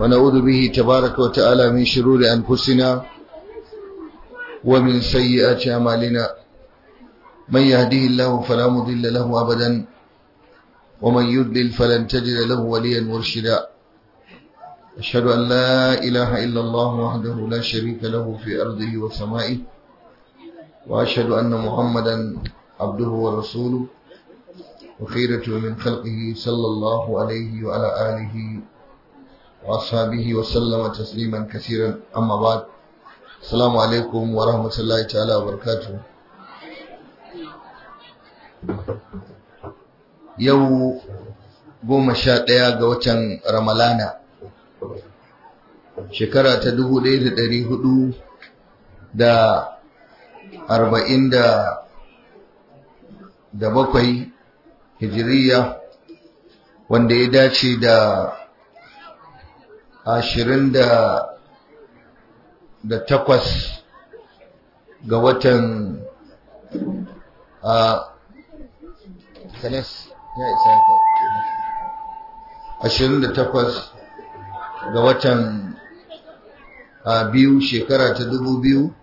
ونعوذ به تبارك وتعالى من شرور أنفسنا ومن سيئات أعمالنا من يهديه الله فلا مضل له أبدا ومن يضلل فلن تجد له وليا مرشدا أشهد أن لا إله إلا الله وحده لا شريك له في أرضه وسمائه وأشهد أن محمدا عبده ورسوله وخيرته من خلقه صلى الله عليه وعلى آله وأصحابه وسلم تسليما كثيرا أما بعد السلام عليكم ورحمة الله تعالى وبركاته yau goma sha ɗaya ga watan ramalana shekara ta dubu ɗaya da ɗari hudu da arba'in da bakwai hijiriya wanda ya dace da ashirin da da takwas ga watan a ya isa ashirin da takwas ga watan a biyu shekara ta dubu biyu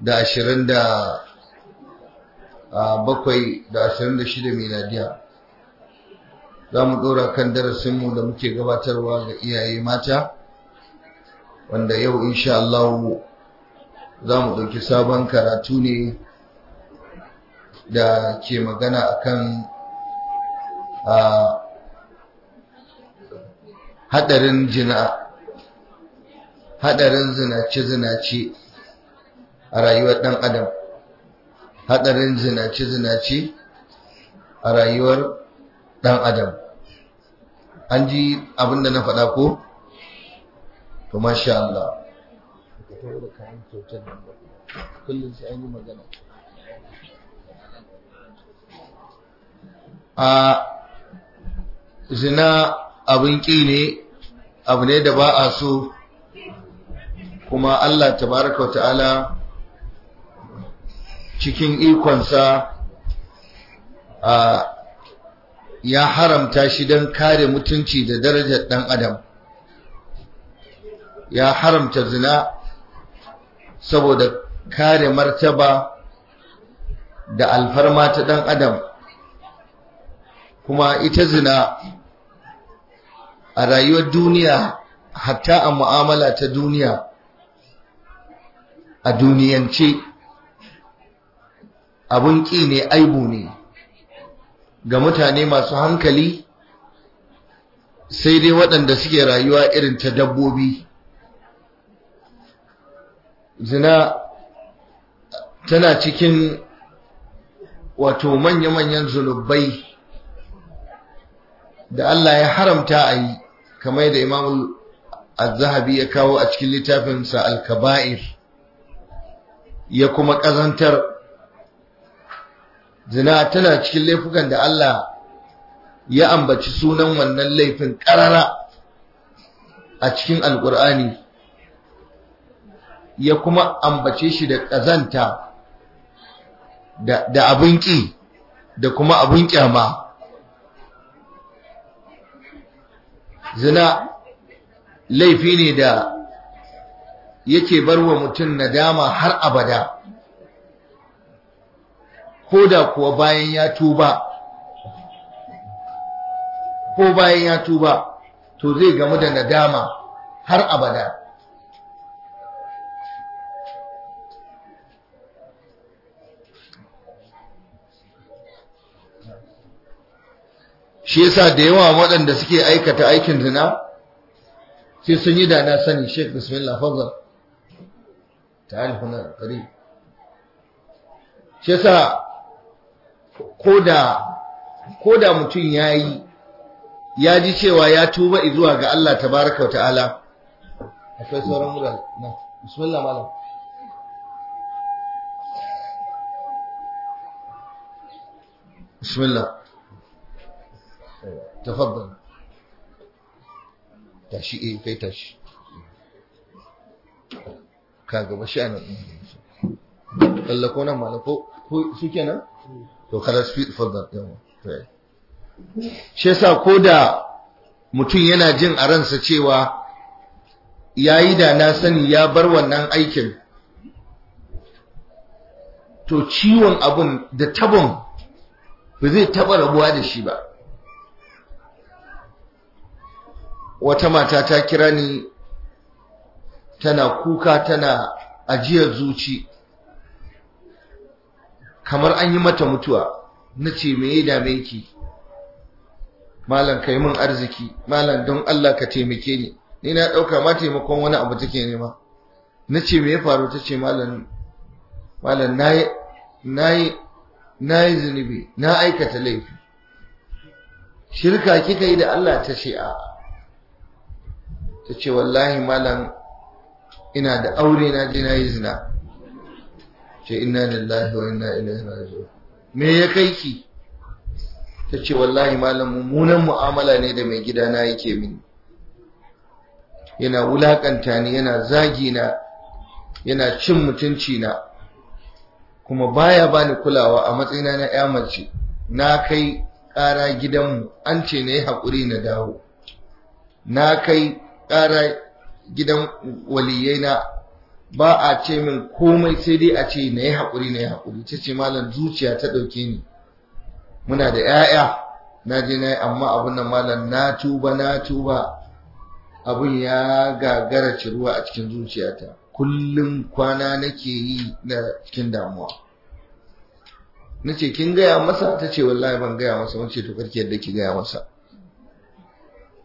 da ashirin da bakwai da ashirin da shida miladiyar za mu ɗora kan darasinmu da muke gabatarwa ga iyaye mata wanda yau insha Allah za mu ɗauki sabon karatu ne da ke magana akan a haɗarin jina haɗarin zinace-zinace a rayuwar ɗan adam haɗarin zinace-zinace a rayuwar ɗan adam an ji abin na faɗa ko? to masha Allah a zina abin ƙi ne abu ne da ba a so kuma Allah tabaraka ta'ala cikin ikonsa a ya haramta shi don kare mutunci da darajar ɗan adam ya haramta zina saboda kare martaba da alfarma ta ɗan adam kuma ita zina a rayuwar duniya hatta a mu'amala ta duniya a duniyance abun ƙi ne aibu ne ga mutane masu hankali sai dai waɗanda suke rayuwa irin ta dabbobi zina tana cikin wato manya-manyan zunubai da Allah ya haramta a yi kamar da imamul az-zahabi ya kawo a cikin littafinsa al-kaba'ir ya kuma ƙazantar zina tana cikin laifukan da Allah ya ambaci sunan wannan laifin karara a cikin alkur'ani ya kuma ambace shi da ƙazanta da abin ƙi da kuma abin ƙyama zina laifi ne da yake barwa mutum nadama har abada ko da kuwa bayan ya tuba ko bayan ya tuba to zai gamu da nadama har abada shi yasa da yawa waɗanda suke aikata aikin zina sai sun yi da na sani sheik bismillah fadl ta'alif na shi yasa Koda da mutum ya yi ya ji cewa ya tuba zuwa ga Allah tabaraka wa ta'ala akwai sauran mura na bismillah malam bismillah tafaddal tashi eh kai tashi bashi anan Allah ko nan malam ko shikenan to kada su fi fadar yawa shi yasa koda mutum yana jin a ransa cewa yayi da na sani ya bar wannan aikin to ciwon abun da tabon ba zai taba rabuwa da shi ba wata mata ta kira ni tana kuka tana ajiyar zuci kamar an yi mata mutuwa na ce me ya dame ki malam kai min arziki malam don Allah ka taimake ni ni na ɗauka ma taimakon wani abu take nema na ce me ya faru ta ce malam malam na yi zunubi na aikata laifi shirka kika yi da Allah ta ce a ta ce wallahi malam ina da aure na je na yi zina ce inna lillahi wa ina ilaihi raji'un me ya kai ki ta ce wallahi malam mummunan mu'amala ne da mai gida na yake min. yana wulaƙanta ni yana zagi na yana cin mutunci na kuma baya bani kulawa a matsayina na ya mace na kai ƙara gidanmu an ce na yi haƙuri na dawo na kai ƙara gidan na. ba a ce min komai sai dai a ce na yi haƙuri na yi haƙuri ta ce malam zuciya ta ɗauke ni muna da 'ya'ya na je na yi amma abin nan malam na tuba na tuba abin ya gagara ruwa a cikin zuciyata kullum kwana nake yi na cikin damuwa na ce kin gaya masa ta ce wallahi ban gaya masa ce to karki yadda ki gaya masa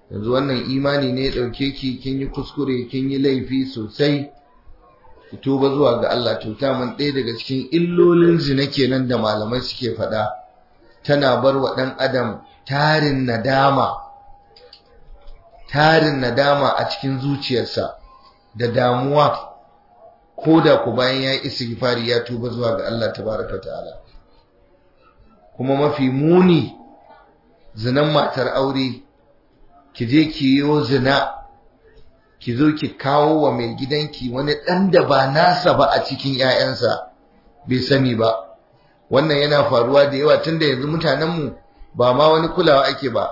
yanzu wannan imani ne ya ɗauke ki kin yi kuskure kin yi laifi sosai fito ba zuwa ga Allah to man ɗaya daga cikin illolin zina kenan da malamai suke faɗa tana bar wa ɗan adam tarin nadama tarin nadama a cikin zuciyarsa da damuwa ko da ku bayan ya yi istighfari ya tuba zuwa ga Allah tabaraka ta'ala kuma mafi muni zinan matar aure ki je ki yi zina ki zo ki kawo wa mai gidanki wani ɗan da ba nasa ba a cikin 'ya'yansa bai sani ba wannan yana faruwa da yawa tun da yanzu mutanenmu ba ma wani kulawa ake ba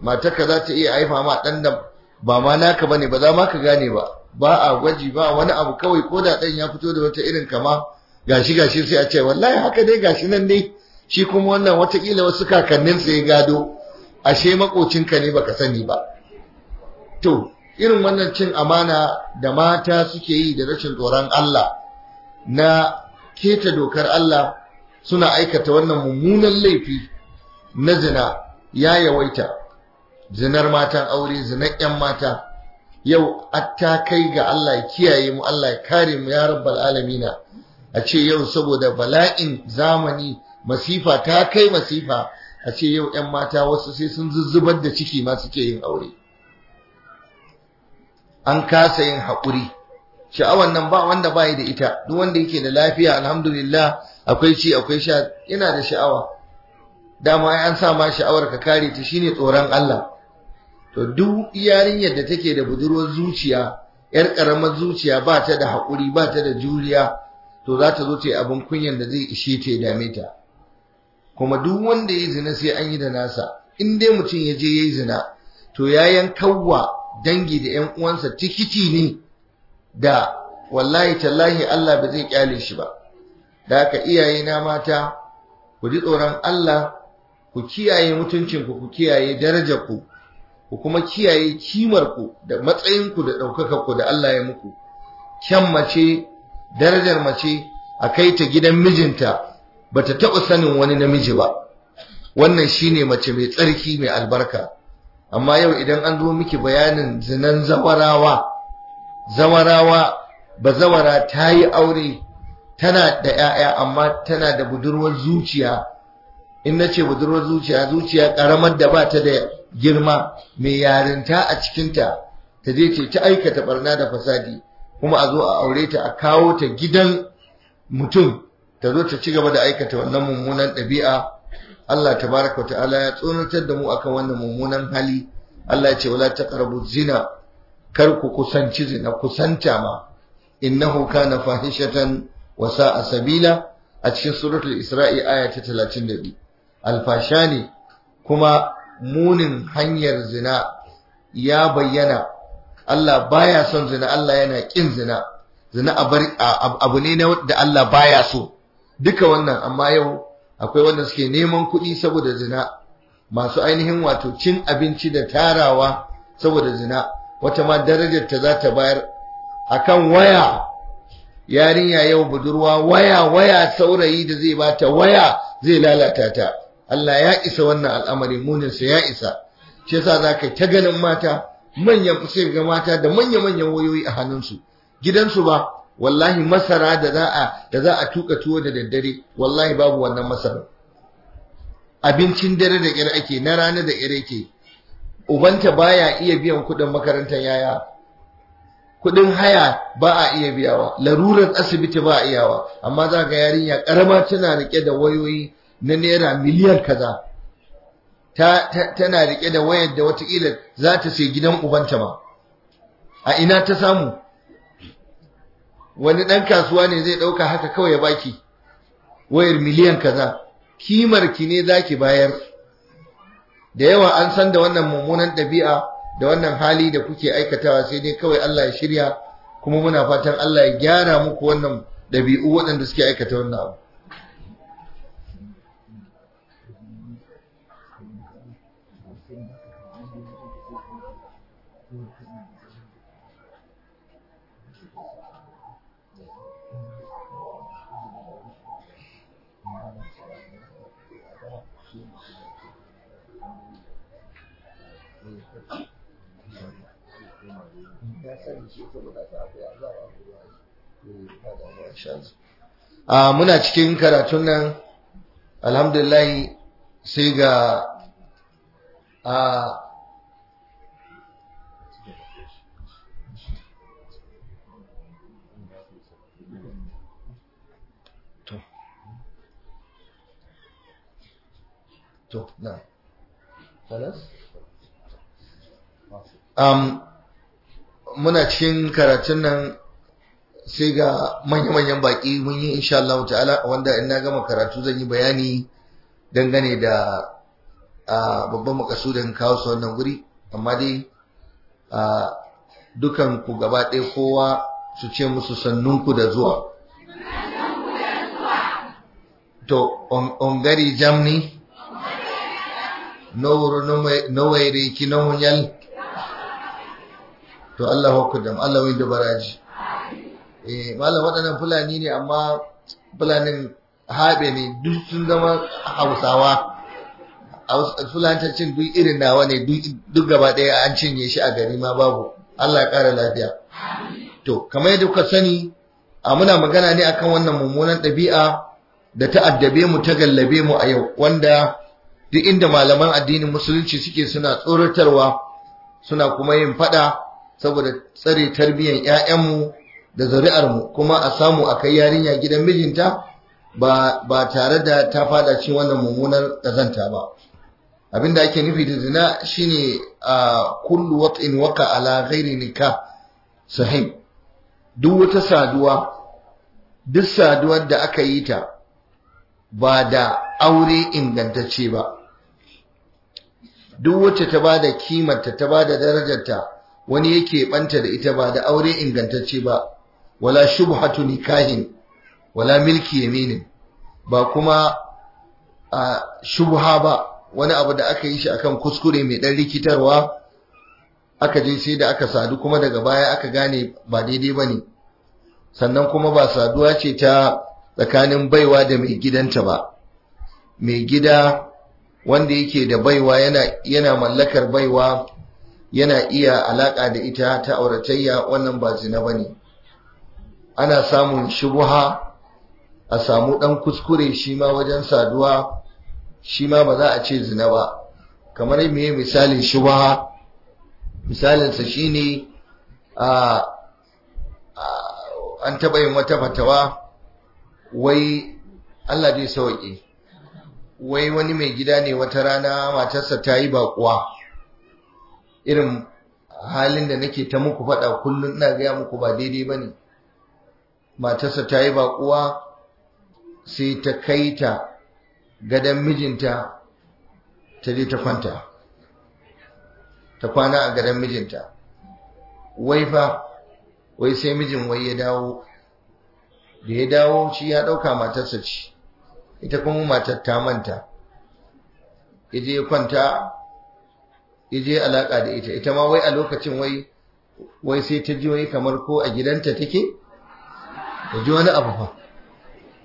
Mataka za ta iya haifa ma ɗan da ba ma naka ba ne, ba za ma ka gane ba ba a gwaji ba wani abu kawai ko da ɗan ya fito da wata irin kama gashi gashi sai a ce wallahi haka dai gashi nan dai shi kuma wannan watakila wasu kakanninsa ya gado ashe makocinka ne baka sani ba to irin wannan cin amana da mata suke yi da rashin tsoron Allah na keta dokar Allah suna aikata wannan mummunan laifi na zina ya yawaita zinar matan aure zinar 'yan mata yau atta kai ga Allah ya kiyaye mu Allah ya kare mu ya rabbal alamina a ce yau saboda bala'in zamani masifa ta kai masifa a ce yau 'yan mata wasu sai sun zuzzubar da ciki ma suke yin aure an kasa yin haƙuri Sha'awar nan ba wanda bayi da ita duk wanda yake da lafiya alhamdulillah akwai ci akwai sha yana da sha'awa dama ai an sa ma sha'awar ka kare ta shine tsoron Allah to duk yarinyar da take da budurwar zuciya yar karamar zuciya ba ta da haƙuri ba ta da juriya to za ta zo ta yi abin kunyan da zai ishe ta ya dame ta kuma duk wanda ya zina sai an yi da nasa in dai mutum ya je ya yi zina to yayan kawwa dangi da ƴan uwansa tikiti ne da wallahi tallahi Allah ba zai kyale shi ba da ka iyaye na mata ku ji tsoron Allah ku kiyaye mutuncinku ku kiyaye darajarku ku kuma kiyaye kimarku da matsayinku da ɗaukakarku da Allah ya muku kyan mace darajar mace a kai ta gidan mijinta bata taɓa sanin wani namiji ba wannan shine mace mai tsarki mai albarka amma yau idan an zo miki bayanin zinan zawarawa zawarawa zawara ta yi aure tana da 'ya'ya amma tana da budurwar zuciya in na ce budurwar zuciya zuciya karamar da ba ta da girma mai yarinta a cikinta ta je ce ta aikata barna da fasadi kuma a zo a aure ta a kawo ta gidan mutum ta zo ta ci gaba da aikata wannan mummunan ɗabi'a Allah tabaraka ta'ala ya tsoratar da mu akan wannan mummunan hali Allah ya ce wala taqrabu zina kar ku kusanci zina kusanta ma innahu kana fahishatan wa sa'a sabila a cikin suratul isra'i aya ta 32 alfasha ne kuma munin hanyar zina ya bayyana Allah baya son zina Allah yana kin zina zina abu ne da Allah baya so duka wannan amma yau akwai wanda suke neman kuɗi saboda zina masu ainihin wato cin abinci da tarawa saboda zina wata ma darajar ta za ta bayar akan waya yarinya yau budurwa waya waya saurayi da zai bata waya zai lalata ta Allah ya isa wannan al'amari muninsa ya isa shi yasa zaka ta ganin mata manyan sai ga mata da manya manyan wayoyi a hannunsu gidansu ba wallahi masara da za a da za a tuka tuwo da daddare wallahi babu wannan masara abincin dare da ƙyar ake na rana da ƙyar ake ubanta baya iya biyan kuɗin makarantar yaya kuɗin haya ba a iya biyawa larurar asibiti ba a iyawa amma za ga yarinya ƙarama tana riƙe da wayoyi na naira miliyan kaza ta, tana riƙe da wayar da watakila za ta sai gidan ubanta ba. a ina ta samu wani ɗan kasuwa ne zai ɗauka haka kawai ya baki wayar miliyan kaza kimar ki ne ki bayar da yawa an san da wannan mummunan ɗabi'a da wannan hali da kuke aikatawa sai dai kawai Allah ya shirya kuma muna fatan Allah ya gyara muku wannan ɗabi'u waɗanda suke aikata wannan abu a muna cikin karatun nan alhamdulillah sai ga a muna cikin karatun nan sai ga manya-manyan baƙi mun yi insha Allah ta'ala wanda in na gama karatu zan yi bayani dangane da babban makasudin kawo su wannan guri amma dai dukan ku gaba ɗaya kowa su ce musu sannunku da zuwa to ongari jamni nowere ki nohunyal to Allah hukudam Allah wai dubara ji eh malam waɗannan fulani ne amma fulanin habe ne duk sun zama hausawa fulantancin duk irin nawa ne duk gaba ɗaya an cinye shi a gari ma babu Allah ya ƙara lafiya to kamar yadda kuka sani a muna magana ne akan wannan mummunan ɗabi'a da ta addabe mu ta gallabe mu a yau wanda duk inda malaman addinin musulunci suke suna tsoratarwa suna kuma yin fada saboda tsare tarbiyyar 'ya'yanmu da zuri'armu kuma a samu a kai yarinya gidan mijinta ba tare da ta fada cin wannan mummunar ƙazanta ba Abin da ake nufi da zina shine a kullu in waka ala ghairi nikah sahim duk wata saduwa duk saduwar da aka yi ta ba da aure ingantacce ba duk wacce ta ba da kimarta ta ba da darajarta wani yake banta da ita ba da aure ingantacce ba wala shubhatu nikahin wala milki yaminin ba kuma a shubha ba wani abu da aka yi shi akan kuskure mai dan rikitarwa aka je sai da aka sadu kuma daga baya aka gane ba daidai ba ne, sannan kuma ba saduwa ce ta tsakanin baiwa da mai gidanta ba mai gida wanda yake da baiwa yana yana mallakar baiwa yana iya alaƙa da ita ta auratayya wannan ba zina ba ne ana samun shubuha a samu ɗan kuskure shi ma wajen saduwa shi ma ba za a ce zina ba kamar me misalin shubuha misalinsa shi ne an taɓa yin wata fatawa wai Allah zai sauƙi wai wani mai gida ne wata rana matarsa ta yi baƙuwa irin halin da nake ta muku faɗa kullum ina gaya muku ba daidai ba ne matarsa ta yi baƙuwa sai ta kai ta gadon mijinta ta je ta kwanta ta kwana a gadon mijinta wai fa wai sai mijin wai ya dawo da ya dawo shi ya ɗauka matarsa ce ita kuma matar ta manta ya je ya kwanta ya je alaka da ita ita ma wai a lokacin wai wai sai ta ji wai kamar ko a gidanta take ta ji wani abu fa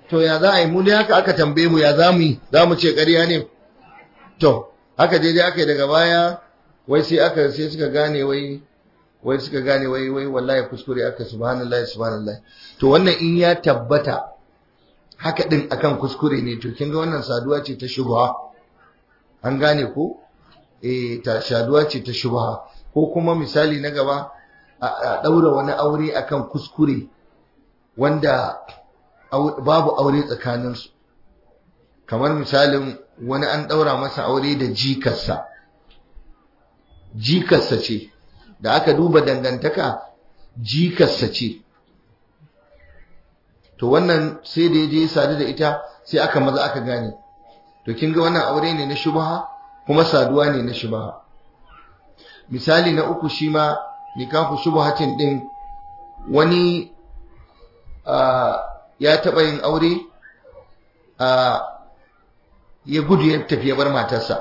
to ya za a yi muni haka aka tambaye mu ya za mu yi za mu ce ƙarya ne to haka dai dai aka yi daga baya wai sai aka sai suka gane wai wai suka gane wai wai wallahi kuskure aka subhanallahi subhanallahi to wannan in ya tabbata haka din akan kuskure ne to kin ga wannan saduwa ce ta shubha an gane ko Eh, ta shaduwa ce ta shubha ko kuma misali na gaba a ɗaura wani aure akan kuskure wanda babu aure tsakaninsu kamar misalin wani an ɗaura masa aure da jikarsa jikarsa ce da aka duba dangantaka jikarsa ce to wannan sai da ya je sadu da ita sai aka maza aka gane to kin ga wannan aure ne na shubha kuma saduwa ne na shubaha misali na uku shi ma nikahu shubuhatin din wani ya taɓa yin aure ya gudu ya tafi ya bar matarsa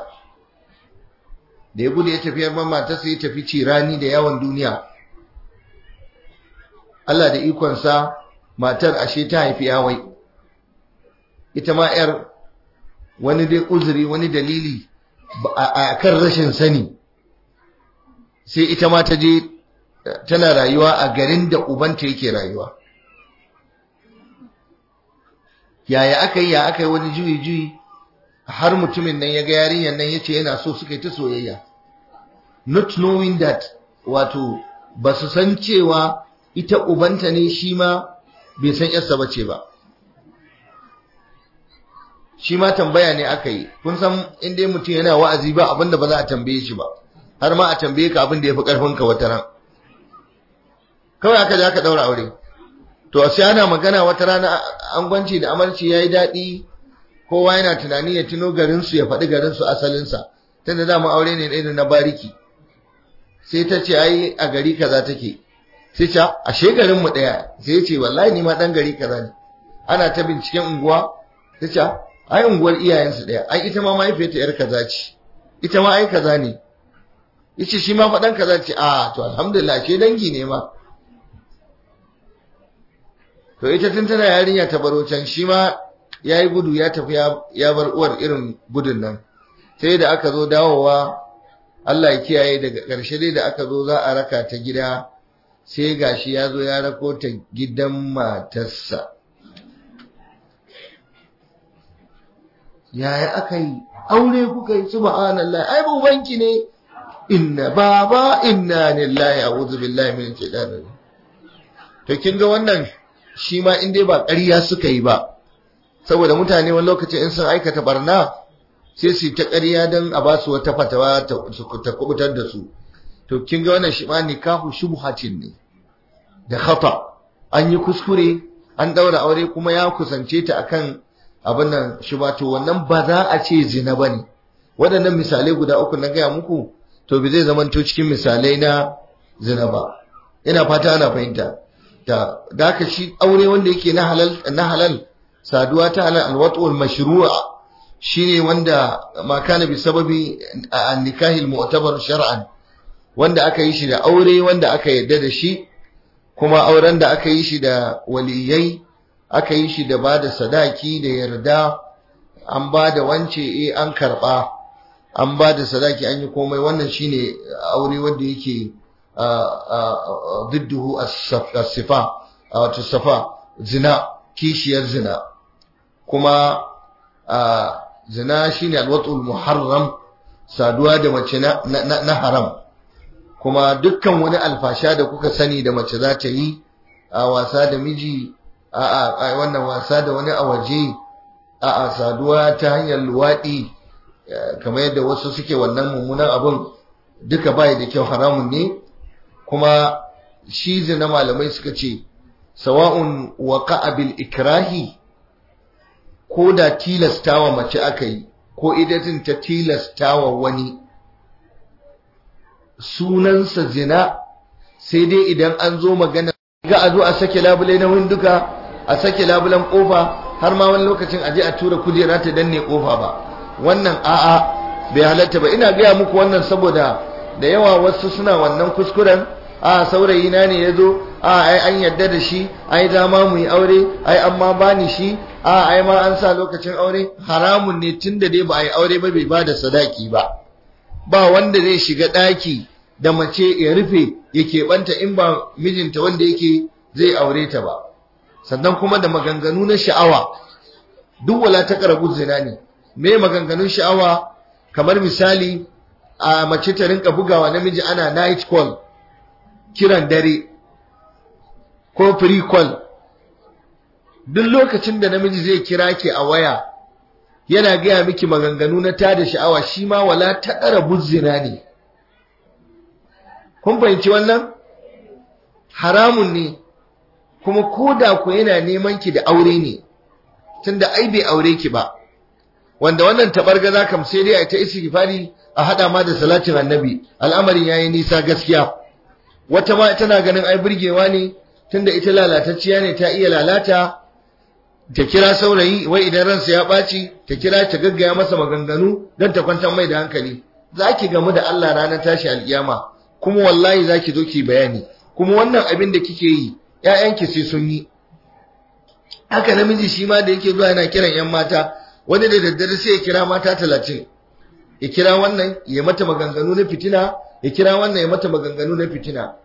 da ya gudu ya tafi ya bar matarsa ya tafi cirani da yawon duniya Allah da ikonsa matar ashe ta haifi yawai ita ma 'yar wani dai uzuri wani dalili a kan rashin sani sai ita ma ta je tana rayuwa a garin da ubanta yake rayuwa yaya aka yi ya aka yi wani juyi juyi har mutumin nan ya ga yarinyar nan ya ce yana so suka yi ta soyayya not knowing that wato ba su san cewa ita ubanta ne shi ma bai san yarsa ce ba shi ma tambaya ne aka yi kun san in dai mutum yana wa'azi ba abin da ba za a tambaye shi ba har ma a tambaye ka abin da ya fi ƙarfin ka wata ran kawai aka ji aka ɗaura aure to sai ana magana wata rana angwanci da amarci yi daɗi kowa yana tunani ya tuno garinsu ya faɗi garinsu asalinsa, asalin tunda da mu aure ne ɗaya na bariki sai ta ce ai a gari kaza take sai ta a garin mu daya sai ya ce wallahi ni ma dan gari kaza ne ana ta binciken unguwa sai ta ai unguwar iyayensu ɗaya ai ita ma mahaifiyarta yar kaza ce ita ma ai kaza ne yace shi ma faɗan kaza ce a to alhamdulillah ke dangi ne ma to ita tun tana yarinya ta baro can shi ma yayi gudu ya tafi ya bar uwar irin gudun nan sai da aka zo dawowa Allah ya kiyaye daga ƙarshe dai da aka zo za a raka ta gida sai gashi ya zo ya rako ta gidan matarsa yaya aka yi aure kuka yi subhanallah ai ubanki ne inna baba inna lillahi a'udhu billahi min shaitanir to kin ga wannan shi ma in dai ba ƙarya suka yi ba saboda mutane wani lokaci in sun aikata barna sai su ta ƙarya don a ba su wata fatawa ta kubutar da su to kin ga wannan shi ma nikahu shubhatin ne da khata an yi kuskure an daura aure kuma ya kusance ta akan abin nan shi ba to wannan ba za a ce zina ba ne. waɗannan misalai guda uku na gaya muku to bi zai zamanto cikin misalai na zina ba ina fata ana fahimta da daka shi aure wanda yake na halal na halal saduwa ta halal alwatu mashru'a shine wanda ma kana bi sababi an nikahil mu'tabar shar'an wanda aka yi shi da aure wanda aka yadda da shi kuma auren da aka yi shi da waliyai aka yi shi da ba da sadaki da yarda an ba da wance e an karba an ba da sadaki an yi komai wannan shi ne aure wanda yake didduhu a sifa a wato safa zina kishiyar zina kuma zina shi ne watul muharram saduwa da mace na haram kuma dukkan wani alfasha da kuka sani da mace za ta yi a wasa da miji a'a wannan wasa da wani a waje a'a saduwa ta hanyar luwaɗi eh, kamar yadda wasu suke wannan mummunan abun duka bai da kyau haramun ne kuma shi zina malamai suka ce sawa'un waka bil ikrahi ko da tilastawa mace aka yi ko idatin ta tilastawa wani sunansa zina sai dai idan an zo magana ga a zo a sake labule na winduka a sake labulan kofa har ma wani lokacin aje a tura kujera ta danne kofa ba wannan a'a bai halatta ba ina gaya muku wannan saboda da yawa wasu suna wannan kuskuren a saurayi na ne yazo a ai an yadda da shi ai dama mu yi aure ai an ma bani shi a ai ma an sa lokacin aure haramun ne tunda dai ba a yi aure ba bai ba da sadaki ba ba wanda zai shiga daki da mace ya rufe ya keɓanta in ba mijinta wanda yake zai aure ta ba sannan kuma da maganganu na sha'awa duk wala ta karabu zina ne me maganganun sha'awa kamar misali a mace ta rinka bugawa namiji ana night call kiran dare ko free call duk lokacin da namiji zai kira ke a waya yana gaya miki maganganu na da sha'awa shi ma wala ta karabu zina ne kun fahimci wannan haramun ne kuma ko da ku yana neman ki da aure ne tunda ai bai aure ki ba wanda wannan tabargaza kam sai dai a ta fadi a hada ma da salatin annabi al'amarin yayi nisa gaskiya wata ma tana ganin ai burgewa ne tunda ita lalatacciya ne ta iya lalata ta kira saurayi wai idan ransa ya baci ta kira ta gaggaya masa maganganu don ta kwantar mai da hankali zaki gamu da Allah ranar tashi alkiyama kuma wallahi zaki zo ki bayani kuma wannan abin da kike yi 'ya'yanki sai sun yi haka namiji shi ma da yake zuwa yana kiran 'yan mata wani da daddare sai ya kira mata talatin ya kira wannan ya mata maganganu na fitina ya kira wannan ya mata maganganu na fitina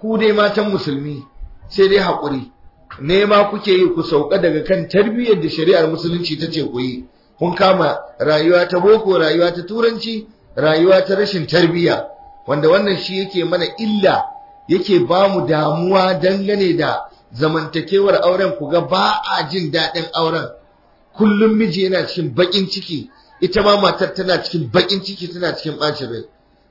ku dai matan musulmi sai dai haƙuri nema kuke yi ku sauka daga kan tarbiyyar da shari'ar musulunci ta ce ku yi kun kama rayuwa ta boko rayuwa ta turanci rayuwa ta rashin tarbiyya wanda wannan shi yake mana illa yake ba mu damuwa dangane da zamantakewar auren ku ga ba a jin daɗin auren kullum miji yana cikin baƙin ciki ita ma matar tana cikin baƙin ciki tana cikin ɓacin rai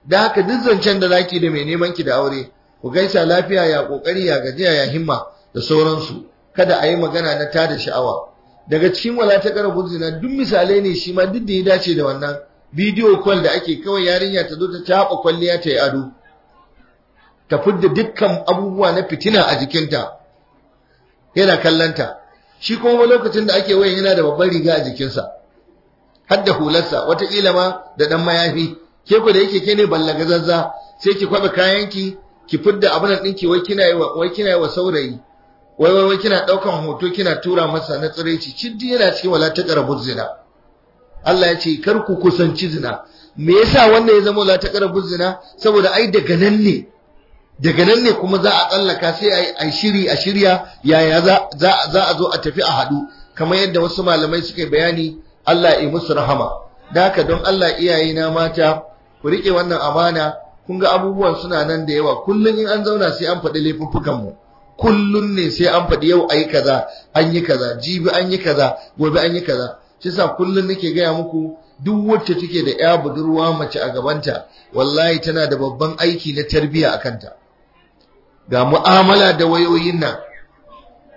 da haka duk zancen da zaki da mai neman ki da aure ku gaisa lafiya ya ƙoƙari ya gajiya ya himma da sauransu kada a yi magana na tada sha'awa daga cikin wala ta duk misalai ne shi ma duk da ya dace da wannan bidiyo kwal da ake kawai yarinya ta zo ta taɓa kwalliya ta yi ado ta fidda dukkan abubuwa na fitina a jikinta yana kallanta shi kuma lokacin da ake wayan yana da babban riga a jikinsa har da hularsa wataƙila ma da ɗan mayafi ke ku da yake ke ne ballagazazza sai ki kwaɓe kayanki ki fidda abin ɗinki wai kina yi wai kina yi wa saurayi wai wai kina ɗaukan hoto kina tura masa na tsiraici ciddi yana cikin wala ta zina Allah ya ce kar ku kusanci zina me yasa wannan ya zama wala ta zina saboda ai daga nan ne daga nan ne kuma za a tsallaka sai a shiri a shirya yaya za a zo a tafi a haɗu kamar yadda wasu malamai suka bayani Allah ya musu rahama da haka don Allah iyaye na mata ku riƙe wannan amana kun ga abubuwan suna nan da yawa kullum in an zauna sai an faɗi laifuffukan mu kullum ne sai an faɗi yau ayi kaza an yi kaza jibi an yi kaza gobe an yi kaza shi sa kullum nake gaya muku duk wacce take da ya budurwa mace a gabanta wallahi tana da babban aiki na tarbiyya a kanta ga mu'amala da wayoyin nan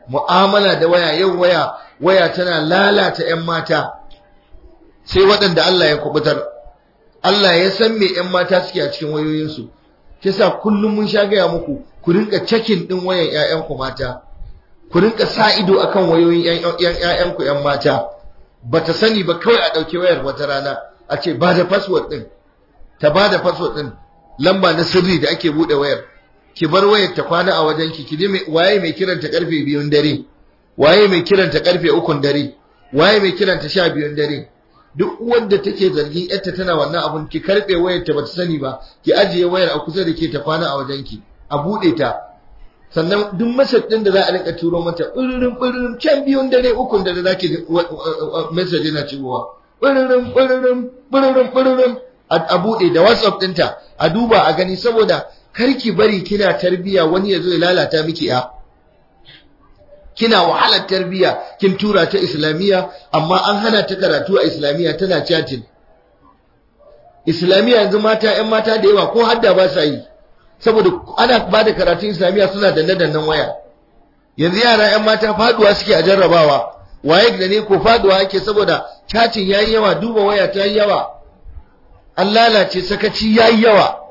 mu'amala da waya yau waya waya tana lalata 'yan mata sai waɗanda Allah ya kubutar Allah ya san me 'yan mata suke a cikin wayoyinsu kisa kullum mun sha gaya muku ku rinka cakin ɗin wayan 'ya'yanku mata ku rinka sa ido akan wayoyin 'ya'yanku 'yan mata bata sani ba kawai a ɗauki wayar wata rana a ce ba da password ɗin ta ba da password ɗin lamba na sirri da ake buɗe wayar ki bar wayar ta kwana a wajen ki ki ji waye mai kiranta karfe biyun dare waye mai kiranta karfe ukun dare waye mai kiranta sha biyun dare duk wanda take zargin yarta tana wannan abun ki karbe wayar ta bata sani ba ki ajiye wayar a kusa da ke ta kwana a wajen ki a bude ta sannan duk message din da za a rinka turo mata uririn uririn can biyun dare ukun dare zaki message na cewa uririn uririn uririn uririn a bude da whatsapp dinta a duba a gani saboda karki bari kina tarbiya wani ya zo ya lalata miki ya kina wahalar tarbiya kin tura ta islamiyya amma an hana ta karatu a islamiyya tana chatin islamiya yanzu mata ƴan mata da yawa ko hadda ba sa yi saboda ana ba da karatun islamiyya suna danne dannan waya yanzu yara ƴan mata faduwa suke a jarrabawa waye da ne ko faduwa yake saboda chatin yayi yawa duba waya ta yi yawa an lalace sakaci yayi yawa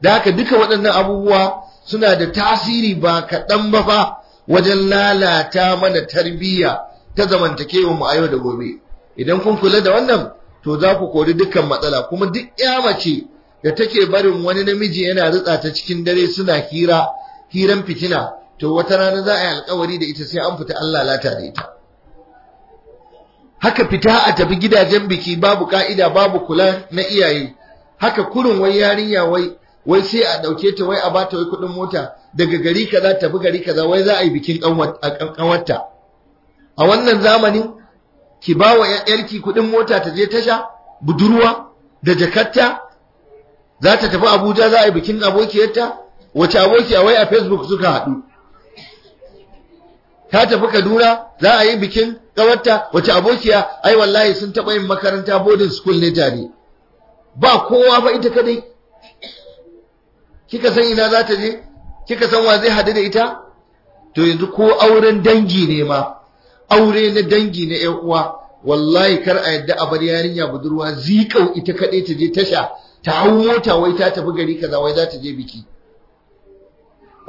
da haka duka waɗannan abubuwa suna da tasiri ba kaɗan ba fa wajen lalata mana tarbiyya ta zamantakewa mu a yau da gobe idan kun kula da wannan to za ku kori dukkan matsala kuma duk ya mace da take barin wani namiji yana ritsa ta cikin dare suna hira hiran fitina to wata rana za a yi alkawari da ita sai an fita an lalata da ita haka fita a tafi gidajen biki babu ka'ida babu kula na iyaye haka kurun wai yarinya wai wai sai a ɗauke ta wai a bata wai kuɗin mota daga gari kaza tafi gari kaza wai za a yi bikin ƙanƙanwarta a wannan zamanin ki ba wa ‘yarki kuɗin mota ta je tasha budurwa da jakarta za ta tafi abuja za a yi bikin abokiyarta wace abokiya wai a facebook suka haɗu ta tafi kaduna za a yi bikin ƙawarta wace abokiya ai wallahi sun taɓa yin makaranta boarding school ne tare ba kowa ba ita kadai kika san ina za ta je kika san wa zai hadu da ita to yanzu ko auren dangi ne ma aure na dangi na ƴan uwa wallahi kar a yadda a bar yarinya budurwa zikau ita kaɗai ta je tasha ta hau mota wai ta tafi gari kaza wai za ta je biki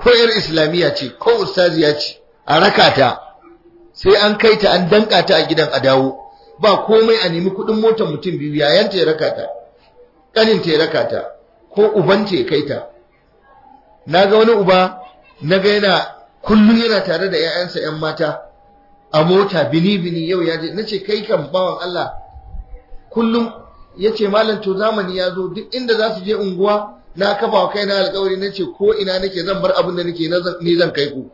ko yar islamiyya ce ko ustaziya ce a raka ta sai an kai ta an danka ta a gidan a dawo ba komai a nemi kuɗin motar mutum biyu yayan ya raka ta ƙanin ta ya raka ta ko uban ta ya kai ta na ga wani uba na ga yana kullum yana tare da 'ya'yansa 'yan mata a mota bini-bini yau ya je na ce kai kan bawan Allah kullum ya ce malam to zamani ya zo duk inda za su je unguwa na kafa wa kaina alkawari na ce ko ina nake zan bar abin da nake ni zan kai ku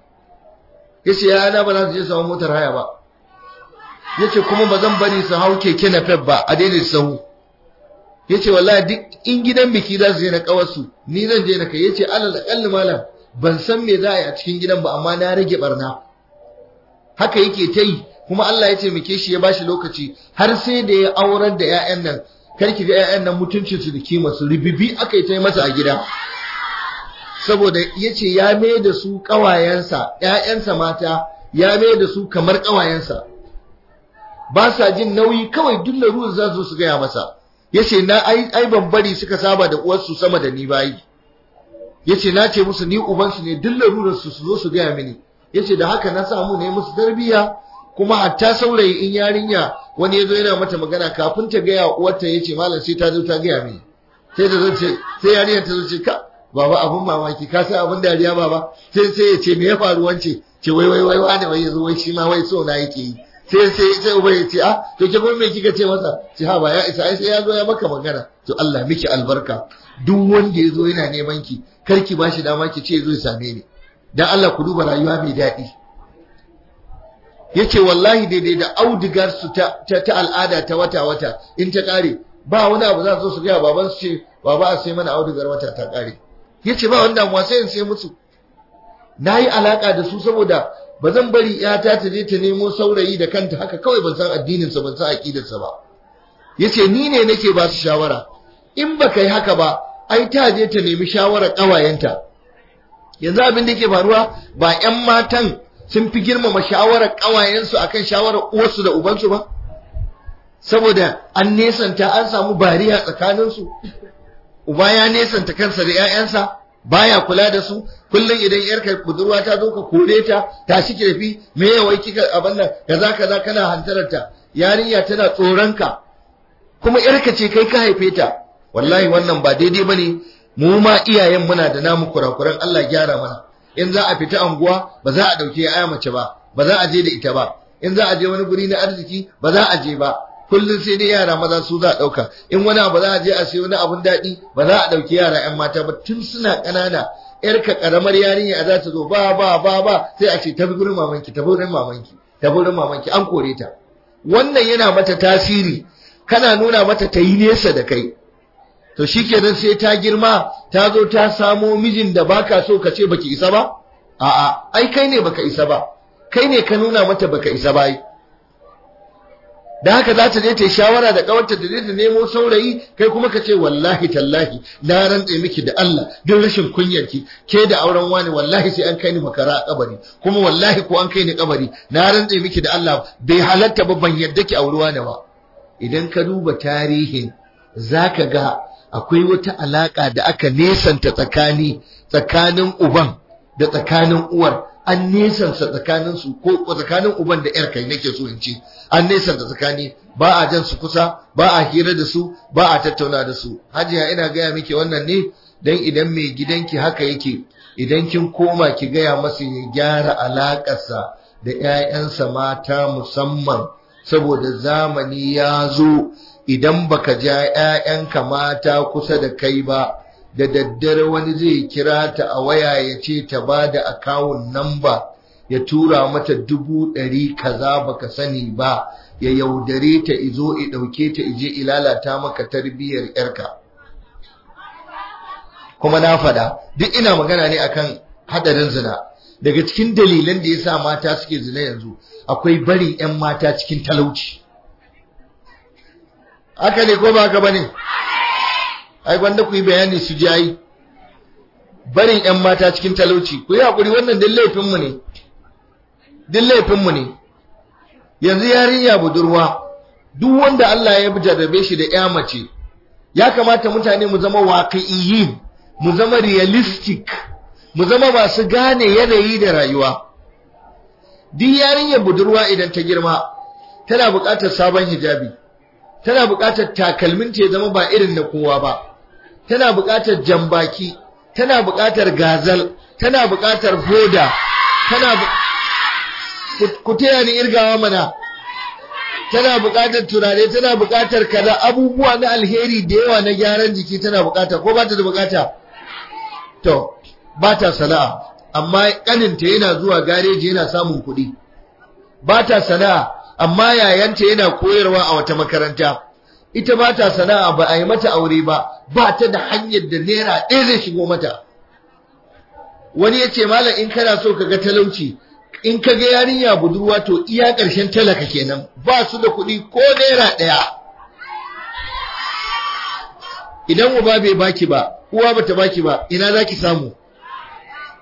ya ce ya ba za su je samu motar haya ba ya ce kuma ba zan bari su hau keke na ba a daidai sahu yace wallahi duk in gidan biki za su je na kawarsu ni zan je na kai yace alal aqall malam ban san me za a yi a cikin gidan ba amma na rage barna haka yake ta yi kuma Allah ya ce taimake shi ya bashi lokaci har sai da ya aurar da ƴaƴan nan kar ki ga ƴaƴan nan mutuncin su da kima su ribibi aka yi ta yi masa a gida saboda yace ya mai da su kawayensa ƴaƴansa mata ya mai da su kamar ƙawayensa. ba sa jin nauyi kawai duk laruwar za su gaya masa yace na ai bari suka saba da uwarsu sama da ni bayi yace na ce musu ni ubansu ne duk larurar su su zo su gaya mini yace da haka na samu ne musu tarbiyya kuma hatta saurayi in yarinya wani ya zo yana mata magana kafin ta gaya uwarta ce malam sai ta zo ta gaya mini sai ta zo ce sai yarinya ta zo ce ka baba abun mamaki ka san abun dariya baba sai sai ya ce me ya faru wance ce wai wai wai wani wai zo wai shi ma wai so na yake yi sai sai sai uba ya ce ah to ke kuma me kika ce masa ce ha ba ya isa ai sai ya zo ya maka magana to Allah miki albarka duk wanda ya zo yana neman ki kar ki bashi dama ki ce zo ya same ni dan Allah ku duba rayuwa mai daɗi yace wallahi daidai da audigar su ta ta al'ada ta wata wata in ta kare ba wani abu za su su ga baban su ce baba a sai mana audigar wata ta kare yace ba wanda damuwa sai in sai musu nayi alaka da su saboda ba zan bari yata ta je ta nemo saurayi da kanta haka kawai ban san sa ban san sa ba yace ni ne nake ba su shawara in baka yi haka ba ai ta je ta nemi shawara ƙawayenta yanzu abin da yake faruwa ba 'yan matan sun fi girmama shawarar ƙawayensu akan shawarar uwarsu da ubansu ba saboda an nesanta an samu bariya su uba ya nesanta kansa da 'ya'yansa baya kula da su kullum idan yarka budurwa ta zo ka kore ta ta shi kirfi me ya wai kika abin nan kaza kaza kana hantarar ta yarinya tana tsoron ka kuma yarka ce kai ka haife ta wallahi wannan ba daidai bane mu ma iyayen muna da namu kurakuran Allah gyara mana in za a fita anguwa ba za a dauke aya mace ba ba za a je da ita ba in za a je wani guri na arziki ba za a je ba kullum sai dai yara maza su za a ɗauka in wani abu za a je a sai wani abun daɗi ba za a ɗauki yara 'yan mata ba tun suna ƙanana yarka ƙaramar yarinya za ta zo ba ba ba ba sai a ce tafi gurin mamanki tafi gurin mamanki tafi gurin mamanki an kore ta wannan yana mata tasiri kana nuna mata ta yi nesa da kai to shi kenan sai ta girma ta zo ta samo mijin da baka so ka ce baki isa ba a'a ai kai ne baka isa ba kai ne ka nuna mata baka isa ba ai da haka za ta je ta yi shawara da kawarta da zai ta nemo saurayi kai kuma ka ce wallahi tallahi na rantse miki da Allah don rashin kunyarki ke da auren wani wallahi sai an kai ni makara a kabari kuma wallahi ko an kai ni kabari na rantse miki da Allah bai halatta ba ban yadda ki auri wani ba idan ka duba tarihin ka ga akwai wata alaka da aka nesanta tsakani tsakanin uban da tsakanin uwar an nesanta tsakanin su ko tsakanin uban da yar kai nake so in ce an nesanta tsakani ba a jan su kusa ba a hira da su ba a tattauna da su hajiya ina gaya miki wannan ne dan idan mai gidanki haka yake idan kin koma ki gaya masa ya gyara alakarsa da 'ya'yansa mata musamman saboda zamani ya zo idan baka ja 'ya'yanka mata kusa da kai ba da daddare wani zai kira ta a waya ya ce ta ba da akawun namba ya tura mata dubu ɗari kaza baka sani ba ya yaudare ta izo i ɗauke ta ije ilalata maka tarbiyyar yarka kuma na faɗa duk ina magana ne akan haɗarin zina daga cikin dalilan da ya sa mata suke zina yanzu akwai bari 'yan mata cikin talauci haka ne ko ba haka ba ne ai banda ku yi bayani su jayi barin ƴan mata cikin talauci ku yi hakuri wannan din laifinmu ne din laifinmu ne yanzu yarinya budurwa duk wanda Allah ya jarrabe shi da ƴa mace ya kamata mutane mu zama waqi'iyin mu zama realistic mu zama masu gane yanayi da rayuwa duk yarinyar budurwa idan ta girma tana buƙatar sabon hijabi tana buƙatar takalmin ta ya zama ba irin na kowa ba tana buƙatar jambaki tana buƙatar gazal tana buƙatar hoda tana ku taya irgawa mana tana buƙatar turare tana buƙatar kaza abubuwa na alheri da yawa na gyaran jiki tana buƙata ko ba ta da buƙata to ba ta sana'a amma ƙaninta yana zuwa gareji yana samun kuɗi ba ta sana'a amma yayanta yana koyarwa a wata makaranta ita ba ta sana'a ba a yi mata aure ba ba ta da hanyar da naira ɗaya zai shigo mata wani ya ce malam in kana so ka ga talauci in ka ga yarinya budurwa to iya ƙarshen talaka kenan ba su da kuɗi ko naira ɗaya idan uba bai baki ba uwa bata baki ba ina za ki samu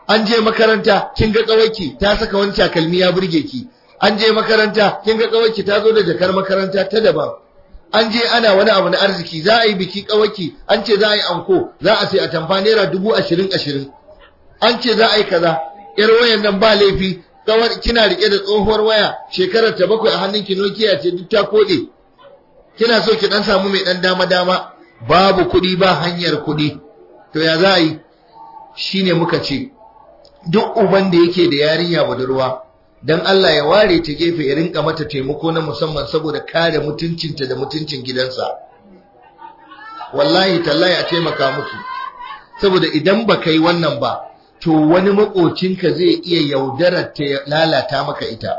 an je makaranta kin ga tsawaki ta saka wani takalmi ya burge ki an je makaranta kin ga tsawaki ta zo da jakar makaranta ta daban an je ana wani abu na arziki za a yi biki kawaki an ce za a yi anko za a sai a tamfa naira dubu ashirin ashirin an ce za a yi kaza yar wayan nan ba laifi kawar kina rike da tsohuwar waya shekarar ta bakwai a hannun ki nokiya ce duk ta koɗi? kina so ki dan samu mai dan dama dama babu kuɗi ba hanyar kuɗi to ya za a yi shine muka ce duk uban da yake da yarinya budurwa don Allah ya ware ta gefe ya rinka mata taimako na musamman saboda kare mutuncinta da mutuncin gidansa wallahi tallahi a taimaka musu saboda idan ba yi wannan ba to wani makocinka zai iya yaudarar ta lalata maka ita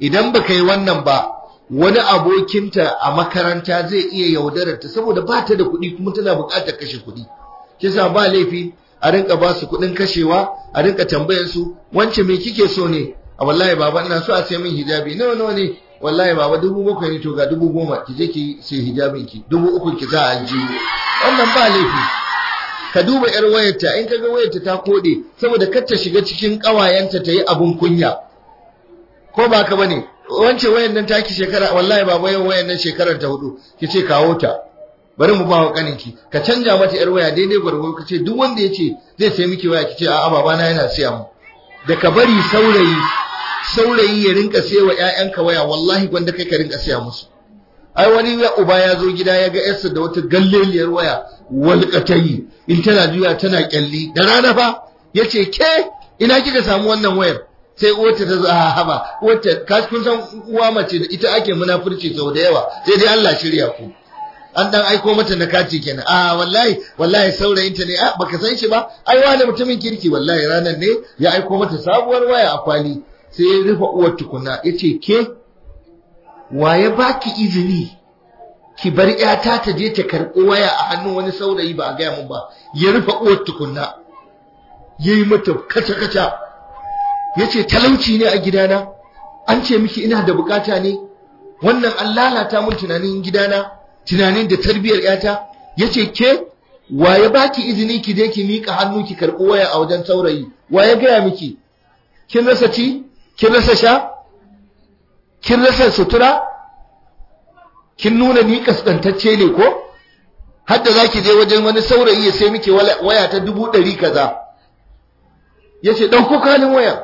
idan ba yi wannan ba wani abokinta a makaranta zai iya yaudarar ta saboda ba ta da kuɗi kuma tana buƙatar kashe kuɗi kisa ba laifi a rinka ba su kuɗin kashewa a rinka tambayar su wance me kike so ne a wallahi baba ina so a sai min hijabi nawa nawa ne wallahi baba dubu bakwai ne to ga dubu goma ki je ki sai hijabin ki dubu uku ki za a ji wannan ba laifi ka duba yar wayarta in kaga wayarta ta kode saboda kar ta shiga cikin kawayenta ta yi abun kunya ko ba ka bane wance wayar nan taki shekara wallahi baba yau wayar nan shekarar ta hudu ki ce kawo ta bari mu ba wa kaninki ka canja mata yar waya daidai gwargwaro ka ce duk wanda ya ce zai sai miki waya ki ce a'a babana yana siya mu da ka bari saurayi saurayi ya rinka sayawa ƴaƴanka waya wallahi gwanda kai ka rinka saya musu ai wani ya uba ya zo gida ya ga yarsa da wata galleliyar waya walƙatayi in tana juya tana kyalli da rana fa ya ce ke ina kika samu wannan wayar sai uwarta ta zo ah, haba uwarta ka kun san uwa mace da ita ake munafurci sau da yawa sai dai Allah shirya ku an dan aiko mata na kati kenan a ah, wallahi wallahi saurayinta ne a ah, baka san shi ba ai wani mutumin kirki wallahi ranar ne ya aiko mata sabuwar waya a kwali sai ya rufe uwar tukuna ya ce ke waye ki izini ki bar yata ta je ta karɓi waya a hannun wani saurayi ba a gaya mun ba ya rufe uwar tukuna ya yi mata kaca-kaca ya ce talauci ne a gidana an ce miki ina da bukata ne wannan an lalata mun tunanin gidana tunanin da tarbiyyar yata ya ce ke waye ki izini ki je ki miƙa hannu ki karɓi waya a wajen saurayi Wa ya gaya miki kin rasa ci kin rasa sha kin rasa sutura kin nuna ni kaskantacce ne ko har da zaki je wajen wani saurayi ya sai miki waya ta dubu ɗari kaza ya ce ɗauko kalin waya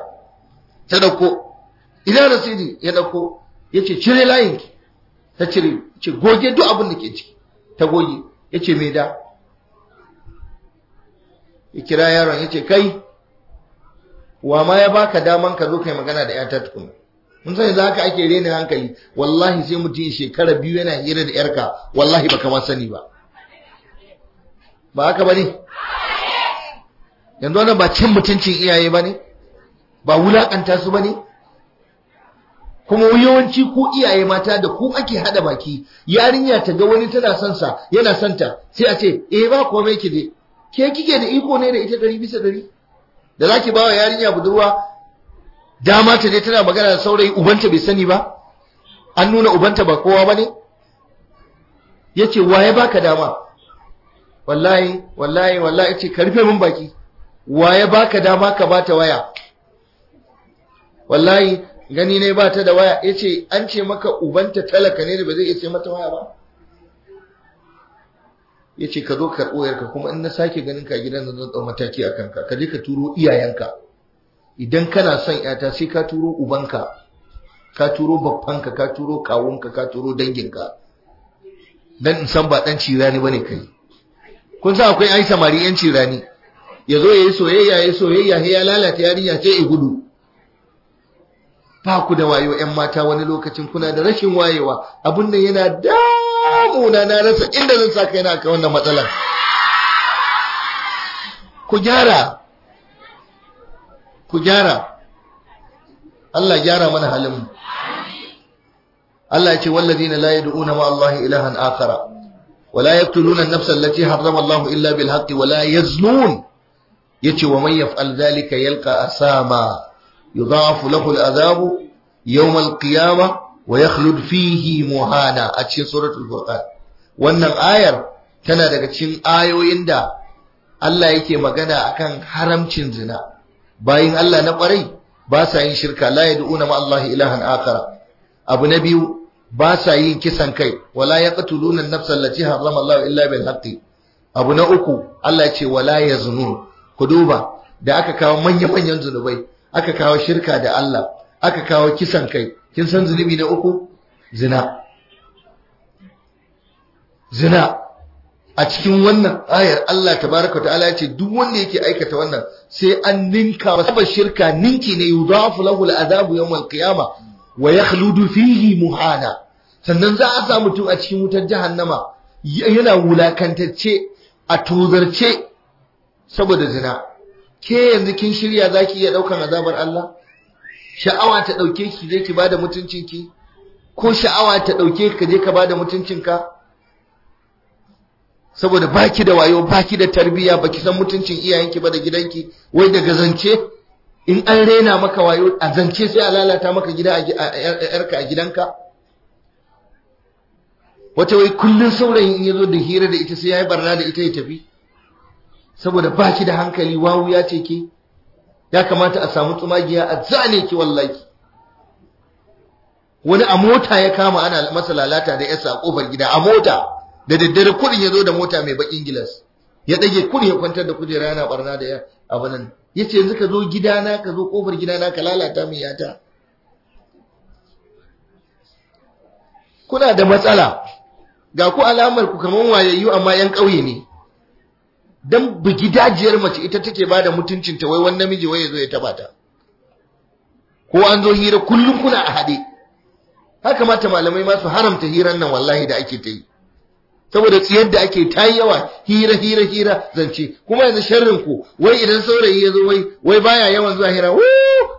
ta ɗauko idan rasidi ya ɗauko ya ce cire layinki ta cire ce goge duk abin da ke ciki ta goge ya ce da ya kira yaron ya ce kai wa ma ya baka daman ka zo kai magana da yata tukun mun sani za ka ake rena hankali wallahi sai ji shekara biyu yana hira da yarka wallahi baka ma sani ba ba haka bane yanzu wannan ba cin mutuncin iyaye bane ba wulakanta su bane kuma yawanci ko iyaye mata da ku ake hada baki yarinya ta ga wani tana son sa yana santa. sai a ce eh ba komai ki ke kike da iko ne da ita dari bisa dari da zaki ba wa yarinya budurwa dama ta je tana magana da saurayi ubanta bai sani ba an nuna ubanta ba kowa ba ne yace waye baka dama wallahi wallahi wallahi yace ka rufe min baki waye baka dama ka bata waya wallahi gani ne bata da waya yace an ce maka ubanta talaka ne da ba zai iya ce mata waya ba ya ce ka zo ka karɓo yarka kuma in na sake ganin ka gidan nan zan ɗau mataki a kanka ka je ka turo iyayenka idan kana son yata sai ka turo ubanka ka turo babbanka ka turo kawunka ka turo danginka dan in san ba dan cirani bane kai kun san akwai ai samari yan cirani ya zo yayi soyayya yayi soyayya ya lalata yarinya ce ya gudu ba ku da wayo yan mata wani lokacin kuna da rashin wayewa abun nan yana da muna na rasa inda zan sa kaina kan wannan matsalar ku gyara ku gyara Allah gyara mana halin Allah yake wallazina la yad'una ma Allah ilahan akhara wala yaqtuluna na nafsa allati harrama Allah illa bil haqqi wala yaznun yace wa man yaf'al dhalika yalqa asama yudhafu lahu al-adhabu yawm al-qiyamah wa yakhlud fihi muhana a cikin suratul furqan wannan ayar tana daga cikin ayoyin da Allah yake magana akan haramcin zina bayin Allah na kwarai ba sa yin shirka la yad'una ma Allah ilahan akara abu na biyu ba sa yin kisan kai wala yaqtuluna an-nafsa allati harrama Allah illa bil haqqi abu na uku Allah ya ce wala yaznun ku duba da aka kawo manya-manyan zunubai aka kawo shirka da Allah aka kawo kisan kai kin san zunubi na uku zina zina a cikin wannan ayar Allah tabaraka ta'ala ya ce duk wanda yake aikata wannan sai an ninka masa shirka ninki ne yudafu lahu al'adabu yawmal qiyama wa yakhludu fihi muhana sannan za a sa mutum a cikin wutar jahannama yana wulakantacce a tozarce saboda zina ke yanzu kin shirya zaki iya daukan azabar Allah sha'awa ta ɗauke ki zai ki bada mutuncinki ko sha'awa ta ɗauke ka je ka bada mutuncinka saboda baki da wayo baki da tarbiyya baki san mutuncin iyayenki ba da gidanki wai daga zance in an rena maka wayo a zance sai a lalata maka gida a yarka a gidanka wata wai kullun saurayin in yazo da hira da ita sai yayi barna da ita ya tafi saboda baki da hankali wawu ya ce ke ya kamata a samu tsumagiya a zane ki wallaki wani a mota ya kama ana masa lalata da yasa a kofar gida a mota da daddare kudin ya zo da mota mai bakin gilas ya dage kudin ya kwantar da kujera yana barna da nan. ya ce yanzu ka zo gidana ka zo kofar gidana ka lalata min yata kuna da matsala ga ku alamar ku kaman wayayyu amma yan ƙauye ne dan bugi dajiyar mace ita take bada mutuncin ta wai wani namiji wai yazo ya taba ta ko an zo hira kullum kuna a hade haka kamata malamai ma su haramta hiran nan wallahi da ake ta saboda tsiyar da ake ta yawa hira hira hira zance kuma yanzu sharrin ku wai idan saurayi yazo zo wai wai baya yawan zuwa hira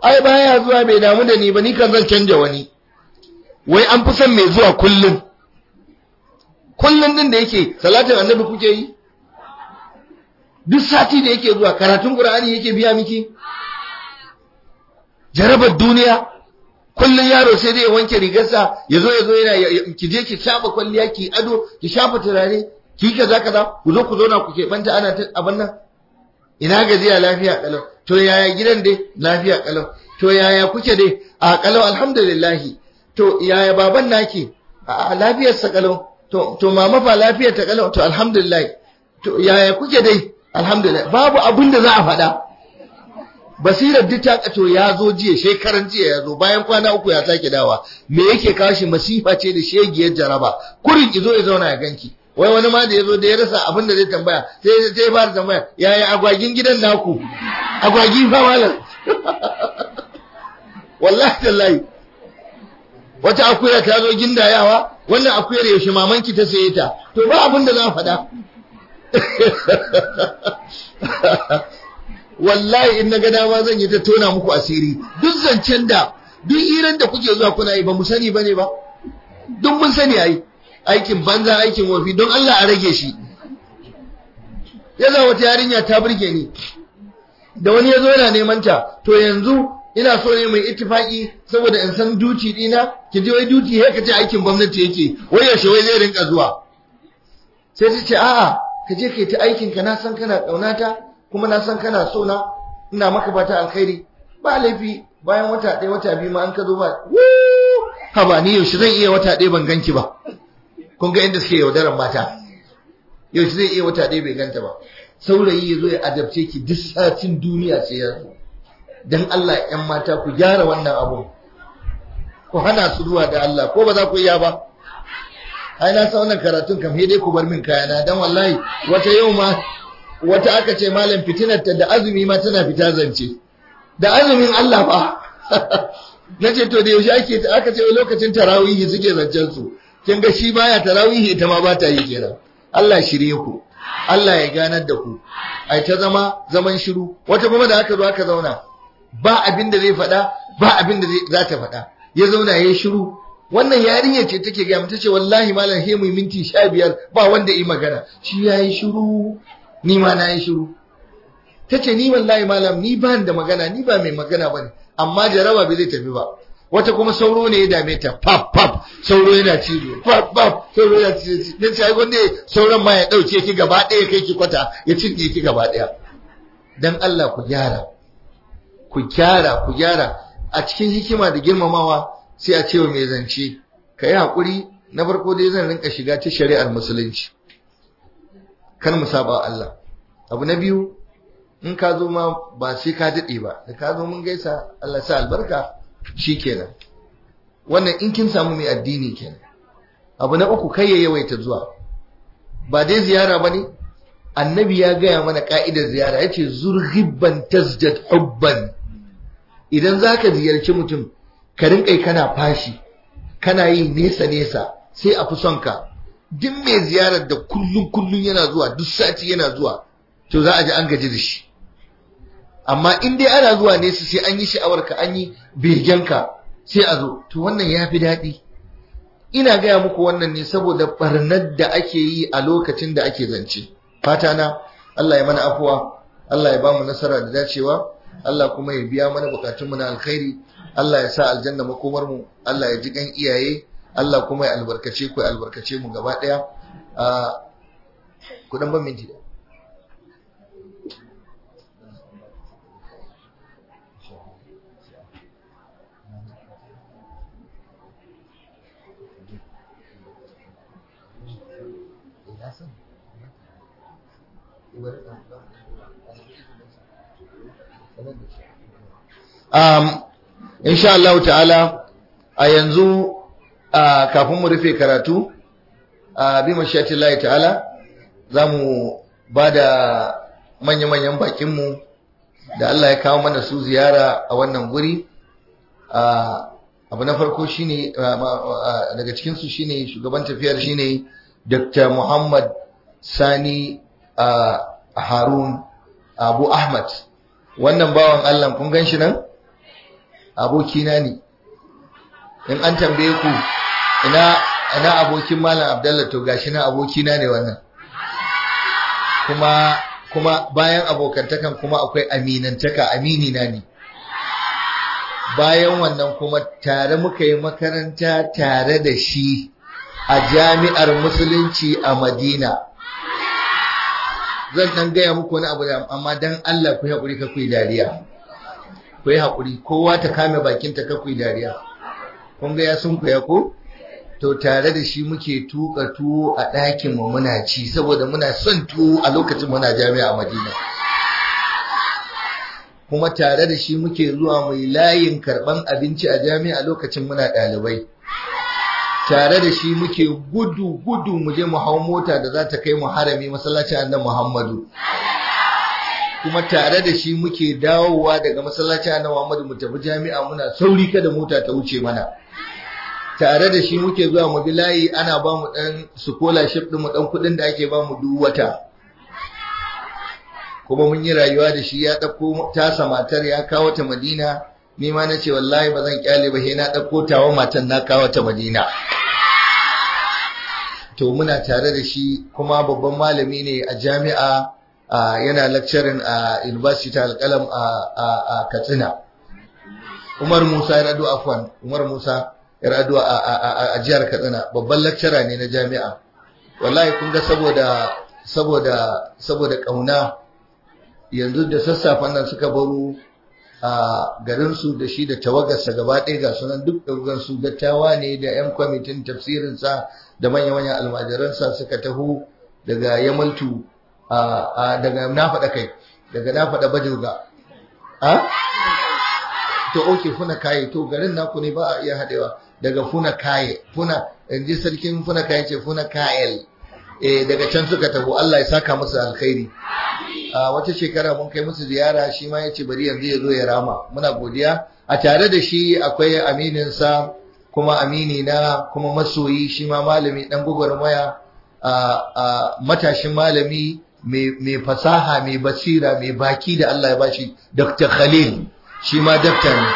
ai baya zuwa bai damu da ni ba ni kan zan canja wani wai an fi son mai zuwa kullum kullum din da yake salatin annabi kuke yi duk sati da yake zuwa karatun qur'ani yake biya miki jarabar duniya kullun yaro sai dai wanke rigarsa yazo yazo yana ki je ki shafa kwalliya ki ado ki shafa turare ki zaka za ku zo ku zauna ku ke banta ana a abin nan ina gajiya lafiya kalau to yaya gidan dai lafiya kalau to yaya kuke dai a kalau alhamdulillah to yaya baban naki a lafiyar sa kalau to to mama fa lafiyar ta kalau to alhamdulillah to yaya kuke dai alhamdulillah babu abin da za a faɗa basirar duk ta kato ya zo jiya shekaran jiya ya zo bayan kwana uku ya sake dawa me yake kashi masifa ce da shegiyar jaraba kurin ki zo ya zauna ya ganki wai wani ma da ya zo da ya rasa abin da zai tambaya sai sai fara tambaya yaya agwagin gidan naku agwagi fa malam wallahi tallahi wata akuya ta zo gindayawa wannan akuyar yaushe mamanki ta saye ta to ba abin da za faɗa wallahi in na ga dama zan yi ta tona muku asiri duk zancen da duk iran da kuke zuwa kuna yi ba mu sani bane ba duk mun sani ai aikin banza aikin wafi don Allah a rage shi yaza wata yarinya ta burge ni da wani ya zo yana neman ta to yanzu ina so ne mai ittifaki saboda in san duti dina ki je wai duti he ce aikin gwamnati yake wai yaushe wai zai rinka zuwa sai ta ce a'a ka je yi ta aikin ka na san kana ƙaunata kuma na san kana so na ina maka fata alkhairi ba laifi bayan wata ɗaya wata biyu ma an ka zo ba haba ni yaushe zan iya wata ɗaya ban ganki ba kun ga inda suke yaudaran mata yaushe zai iya wata ɗaya bai ganta ba saurayi ya zo ya adabce ki duk satin duniya sai ya zo dan Allah ƴan mata ku gyara wannan abu ku hana su zuwa da Allah ko ba za ku iya ba ai na san wannan karatun kam dai ku bar min kaya na. dan wallahi wata yau ma wata aka ce malam fitinar ta da azumi ma tana fita zance da azumin Allah fa nace to da yaushe ake aka ce lokacin tarawihi suke zancen su kin ga shi baya tarawihi ita ma ba ta yi kenan Allah shirye ku Allah ya ganar da ku ai ta zama zaman shiru wata kuma da aka zo aka zauna ba abin da zai faɗa ba abin da za ta faɗa ya zauna ya shiru wannan yarinya ce take gaya ta ce wallahi malam he mu minti sha biyar ba wanda yi magana shi yayi yi shiru ni ma na yi shiru ta ni wallahi malam ni ba da magana ni ba mai magana ba ne amma jaraba bai zai tafi ba wata kuma sauro ne ya dame ta pap pap sauro yana cizo pap pap sauro yana cizo ne sai ai gonde sauran ma ya dauke ki gaba ɗaya kai ki kwata ya cinye ki gaba ɗaya dan Allah ku gyara ku gyara ku gyara a cikin hikima da girmamawa sai a ce mai zance ka yi haƙuri na farko dai zan rinka shiga ta shari'ar musulunci Kan mu saba Allah abu na biyu in ka zo ma ba sai ka daɗe ba da ka zo mun gaisa Allah sa albarka shi kenan wannan in kin samu mai addini kenan abu na uku kai ya yawaita zuwa ba dai ziyara ba ne annabi ya gaya mana ka'idar ziyara ya ce tasjad hubban idan za ka ziyarci mutum ka rinƙai kana fashi kana yi nesa nesa sai a fi son ka duk mai ziyarar da kullum kullum yana zuwa duk sati yana zuwa to za a ji an gaji da shi amma in dai ana zuwa nesa sai an yi sha'awar ka an yi begen ka sai a zo to wannan ya fi daɗi ina gaya muku wannan ne saboda barnar da ake yi a lokacin da ake zance fata na Allah ya mana afuwa Allah ya ba mu nasara da dacewa Allah kuma ya biya mana bukatunmu na alkhairi Allah ya sa aljanna makomar mu Allah ya ji kan iyaye Allah kuma ya albarkace ku ya albarkace mu gaba daya ku dan ban minti da Um, insha Allah ta'ala a yanzu kafin mu rufe karatu a bi mashiyati Allah ta'ala za mu ba da manya-manyan bakinmu da Allah ya kawo mana su ziyara a wannan guri abu na farko shine daga cikinsu shi ne, shugaban tafiyar shi ne, Dr. Muhammad Sani Harun Abu Ahmad wannan bawan Allah kun gan shi nan abokina ne in an tambaye ku ina ina abokin malam abdallah to gashi na abokina ne wannan kuma kuma bayan abokantakan kuma akwai aminantaka amini na ne bayan wannan kuma tare muka yi makaranta tare da shi a jami'ar musulunci a madina zan dan gaya muku wani abu da amma dan allah ku haƙuri ka ku dariya ku yi haƙuri kowa ta kame bakinta kakwai dariya kun ga ya sun kuya ko to tare da shi muke tuka tuwo a ɗakin mu muna ci saboda muna son tuwo a lokacin muna jami'a a madina kuma tare da shi muke zuwa mai layin karɓan abinci a jami'a lokacin muna ɗalibai tare da shi muke gudu gudu mu je mu hau mota da za ta kai mu harami masallacin annan muhammadu kuma tare da shi muke dawowa daga masallaci na Muhammadu mu tafi jami'a muna sauri kada mota ta wuce mana tare da shi muke zuwa mu layi ana ba mu dan scholarship din mu dan kudin da ake ba mu duk wata kuma mun yi rayuwa da shi ya dauko tasa matar ya kawo ta Madina ni ma nace wallahi ba zan kyale ba he na dauko tawa matan na kawo ta Madina to muna tare da shi kuma babban malami ne a jami'a yana lecturing a university alƙalam a katsina umar musa ya radu afwan umar musa ya radu a jihar katsina babban lecturer ne na jami'a wallahi kun ga saboda saboda saboda kauna yanzu da sassafan nan suka baro a garinsu da shi da tawagarsa gaba ɗaya ga sunan duk ɗaukan su dattawa ne da 'yan kwamitin tafsirinsa da manya-manyan almajiransa suka taho daga yamaltu daga na faɗa kai daga na faɗa bajirga a to oke funa kaye to garin naku ne ba a iya haɗewa daga funa kaye funa ji sarkin funa kaye ce funa kayel e, daga can suka tabo Allah ya saka musu alkhairi a wata shekara mun kai musu ziyara shi ma yace bari yanzu ya zo ya rama muna godiya a tare da shi akwai amininsa sa kuma amini na kuma masoyi shi ma malami dan gugurmaya a matashin malami mai fasaha mai basira mai baki da Allah ya bashi Dr. Khalil shi ma daktar ne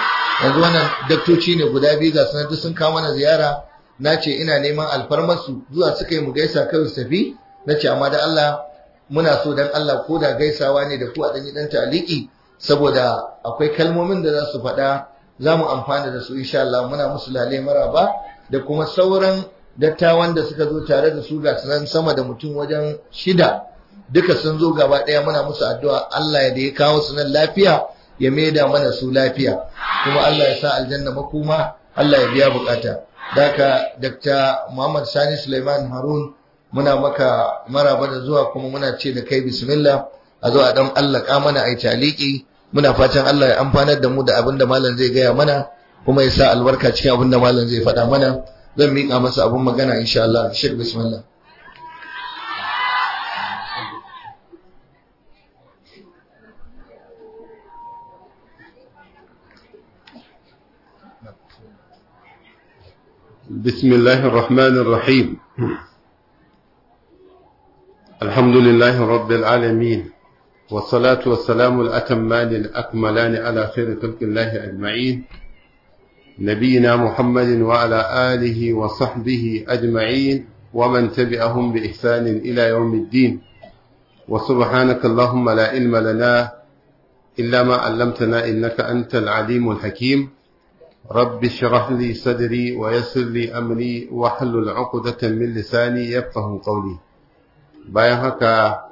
yanzu wannan daktoci ne guda biyu ga sanadu sun kawo mana ziyara na ce ina neman alfarmarsu zuwa suka yi mu gaisa kawai tafi. na ce amma da Allah muna so dan Allah ko da gaisawa ne da ku a ɗanyi ɗan taliki saboda akwai kalmomin da za su faɗa za mu amfana da su insha Allah muna musu lalai maraba da kuma sauran dattawan da suka zo tare da su ga sanan sama da mutum wajen shida duka sun zo gaba ɗaya muna musu addu'a Allah da ya kawo su nan lafiya ya maida mana su lafiya kuma Allah ya sa aljanna makoma Allah ya biya bukata daka Dr. Muhammad Sani Suleiman Harun muna maka maraba da zuwa kuma muna ce da kai bismillah a zo a dan allaka mana ai taliki muna fatan Allah ya amfanar da mu da abinda malam zai gaya mana kuma ya sa albarka cikin abinda malam zai faɗa mana zan miƙa masa abun magana insha Allah shek bismillah بسم الله الرحمن الرحيم الحمد لله رب العالمين والصلاة والسلام الأتمان الأكملان على خير خلق الله أجمعين نبينا محمد وعلى آله وصحبه أجمعين ومن تبعهم بإحسان إلى يوم الدين وسبحانك اللهم لا علم لنا إلا ما علمتنا إنك أنت العليم الحكيم رب اشرح لي صدري ويسر لي أمري واحلل عقدة من لساني يفقه قولي bayan haka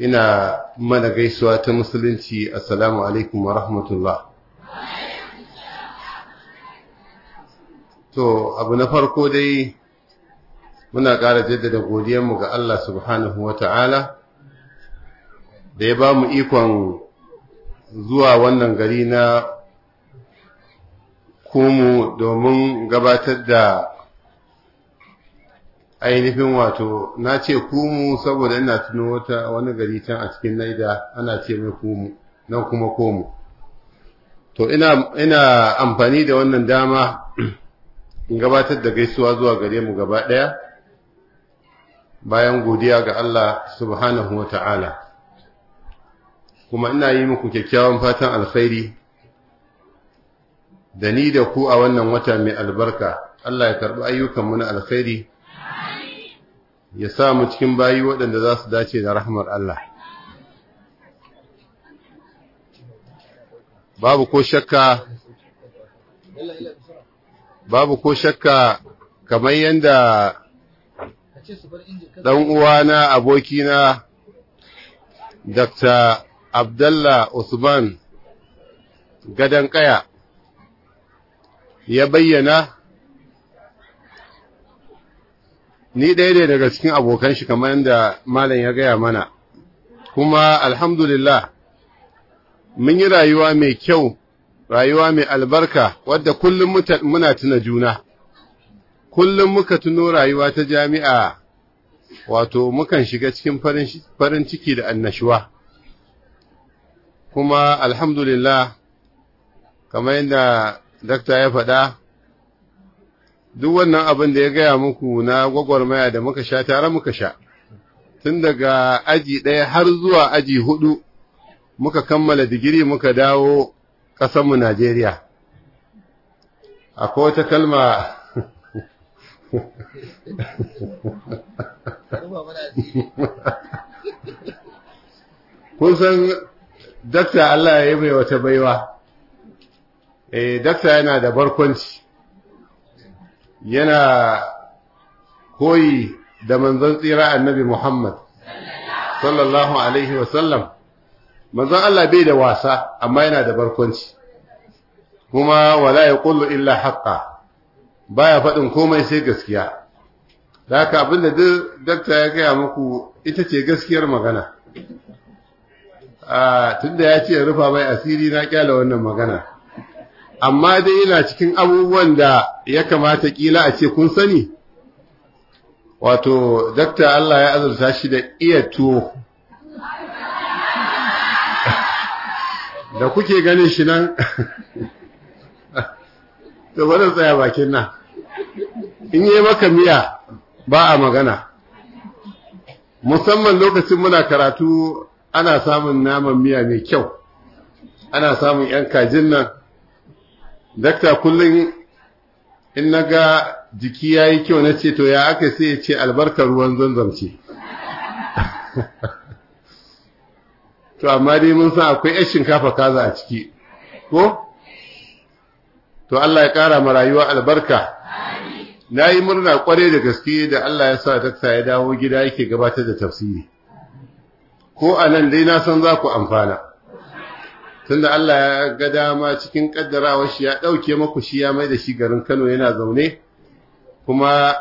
ina mana gaisuwa ta musulunci assalamu alaikum wa rahmatullah to abu na farko dai muna ƙara jaddada godiyanmu ga Allah subhanahu wa ta'ala da ya ba mu ikon zuwa wannan gari na kumu domin gabatar da ainihin wato na ce kumu saboda ina tuno wata wani gari can a cikin naida ana ce mai kumu nan kuma komu to ina ina amfani da wannan dama in gabatar da gaisuwa zuwa gare mu gaba ɗaya bayan godiya ga Allah subhanahu wa ta'ala kuma ina yi muku kyakkyawan fatan alkhairi da ni da ku a wannan wata mai albarka Allah ya karɓi ayyukanmu na alkhairi ya sa mu cikin bayi waɗanda za su dace da rahmar Allah babu ko shakka babu ko shakka kamar yadda ɗan uwana abokina Dr. Abdallah Usman gadan kaya ya bayyana ni ɗaya ne daga cikin abokan shi kamar yadda malam ya gaya mana kuma alhamdulillah mun yi rayuwa mai kyau rayuwa mai albarka wadda kullum muna tuna juna kullum muka tuno rayuwa ta jami'a wato mukan shiga cikin farin ciki da annashuwa kuma alhamdulillah kamar yadda dakta ya faɗa duk wannan abin da ya gaya muku na gwagwarmaya da muka sha tare muka sha tun daga aji ɗaya har zuwa aji hudu muka kammala digiri muka dawo ƙasanmu Najeriya akwai wata kalma kun san dakta Allah ya yi mai wata baiwa eh dakta yana da barkwanci yana koyi da manzon tsira annabi Muhammad sallallahu alaihi wasallam manzon Allah bai da wasa amma yana da barkwanci kuma wala yaqulu illa haqqan baya faɗin komai sai gaskiya haka abinda duk dakta ya gaya muku ita ce gaskiyar magana a ah, tunda ya ce rufa mai asiri na kyala wannan magana amma dai yana cikin abubuwan da ya kamata kila a ce kun sani wato dakta Allah ya azurta shi da iya tuwo da kuke ganin shi nan da wadda tsaya bakin nan in yi maka miya ba a magana musamman lokacin muna karatu ana samun naman miya mai kyau ana samun 'yan kajin nan dakta kullum in na ga jiki ya yi kyau na ce to ya aka sai ya ce albarkar ruwan zanzam ce to amma dai mun san akwai 'yan shinkafa kaza a ciki ko? to Allah ya ƙara ma rayuwa albarka na yi murna ƙware da gaske da Allah ya sa dakta ya dawo gida yake gabatar da tafsiri ko a nan dai na san za ku amfana tunda Allah ya ga dama cikin kaddarawar shi ya ɗauke maku shi ya mai da shi garin Kano yana zaune kuma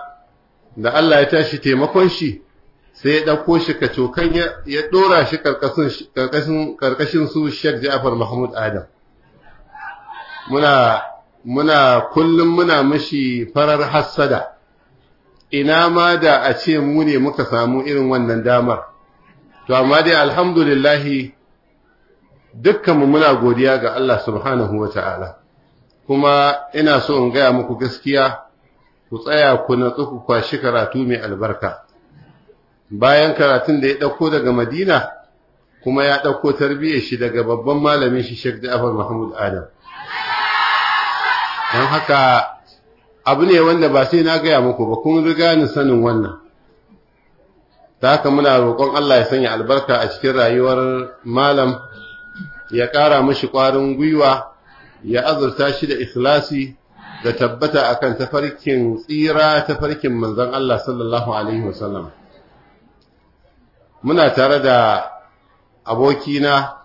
da Allah ya tashi taimakon shi sai ya dauko shi ka cokan ya ɗora shi karkashin su Sheikh Ja'far Mahmud Adam muna muna kullum muna mashi farar hassada ina ma da a ce mu ne muka samu irin wannan damar to amma dai alhamdulillahi dukkanmu muna godiya ga Allah subhanahu wa ta'ala, kuma ina so in gaya muku gaskiya ku tsaya ku natsu ku kwashi karatu mai albarka. Bayan karatun da ya ɗauko daga Madina, kuma ya ɗauko tarbiyyar shi daga babban malamin shi Sheikh Ja'far Mahmud Adam. Don haka abu ne wanda ba sai na gaya muku ba, kun riga ni sanin wannan. ta haka muna roƙon Allah ya sanya albarka a cikin rayuwar malam ya ƙara mashi ƙwarin gwiwa ya azurta shi da ikhlasi da tabbata akan tafarkin tsira tafarkin manzon Allah sallallahu alaihi wasallam muna tare da abokina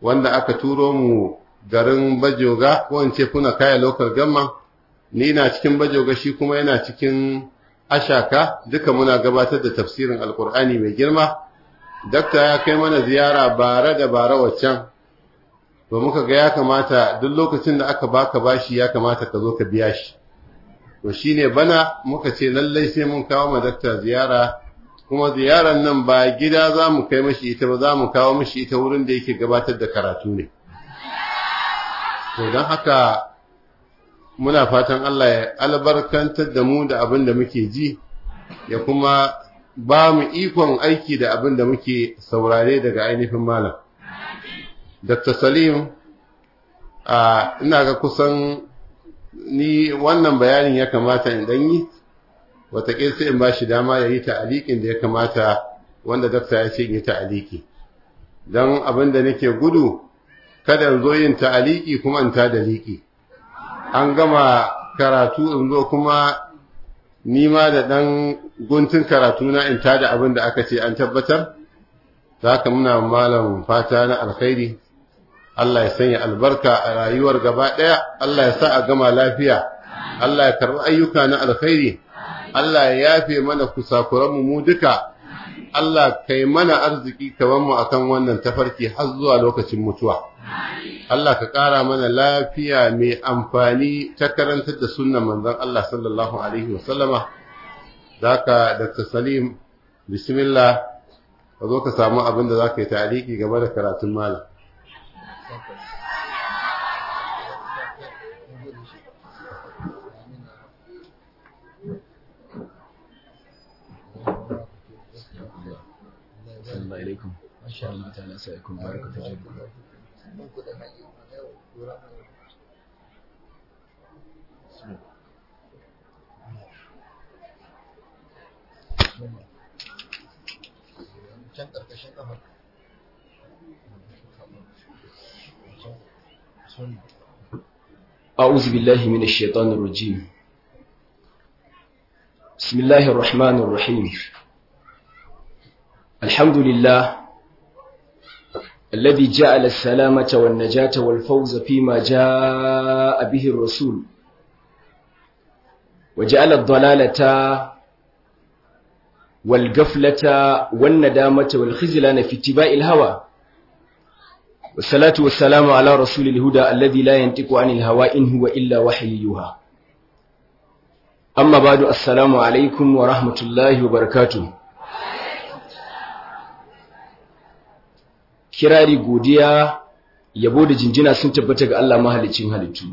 wanda aka turo mu garin Bajoga ko in ce kuna kaya local gamma ni na cikin Bajoga shi kuma yana cikin Ashaka duka muna gabatar da tafsirin Alkur'ani mai girma dakta ya kai mana ziyara bara da bare waccan to muka ga ya kamata duk lokacin da aka baka bashi ya kamata ka zo ka biya shi to shine bana muka ce lallai sai mun kawo ma dakta ziyara kuma ziyarar nan ba gida za mu kai mashi ita ba za mu kawo mashi ita wurin da yake gabatar da karatu ne to don haka muna fatan Allah ya albarkantar da mu da abin da muke ji ya kuma ba mu ikon aiki da abin da muke saurare daga ainihin malam Dr. Salim a ina ga kusan ni wannan bayanin ya kamata in danyi wataƙil sai in ba shi dama ya yi ta'aliƙin da ya kamata wanda dakta ya ce in yi ta'aliki don abin da nake gudu kada in zo yin ta'aliki kuma in ta daliki an gama karatu in zo kuma nima da dan guntun karatu na in ta da abin da aka ce an tabbatar za ka muna malamin fata na alkhairi Allah ya sanya albarka a rayuwar gaba ɗaya Allah ya sa a gama lafiya Allah ya karɓi ayyuka na alkhairi Allah ya yafe mana kusakuranmu mu duka Allah kai mana arziki kaman mu akan wannan tafarki har zuwa lokacin mutuwa Allah ka ƙara mana lafiya mai amfani ta karantar da sunnan manzon Allah sallallahu alaihi wasallama zaka Dr. Salim bismillah ka zo ka samu abin da zaka yi tariki game da karatun malam عليكم ما شاء الله تعالى سيكون بارك أعوذ بالله من الشيطان الرجيم بسم الله الرحمن الرحيم الحمد لله الذي جعل السلامة والنجاة والفوز فيما جاء به الرسول وجعل الضلالة والقفلة والندامة والخزلان في اتباع الهوى والصلاة والسلام على رسول الهدى الذي لا ينطق عن الهوى إن هو إلا وحي يوها أما بعد السلام عليكم ورحمة الله وبركاته kirari godiya yabo da jinjina sun tabbata ga Allah mahalicin halittu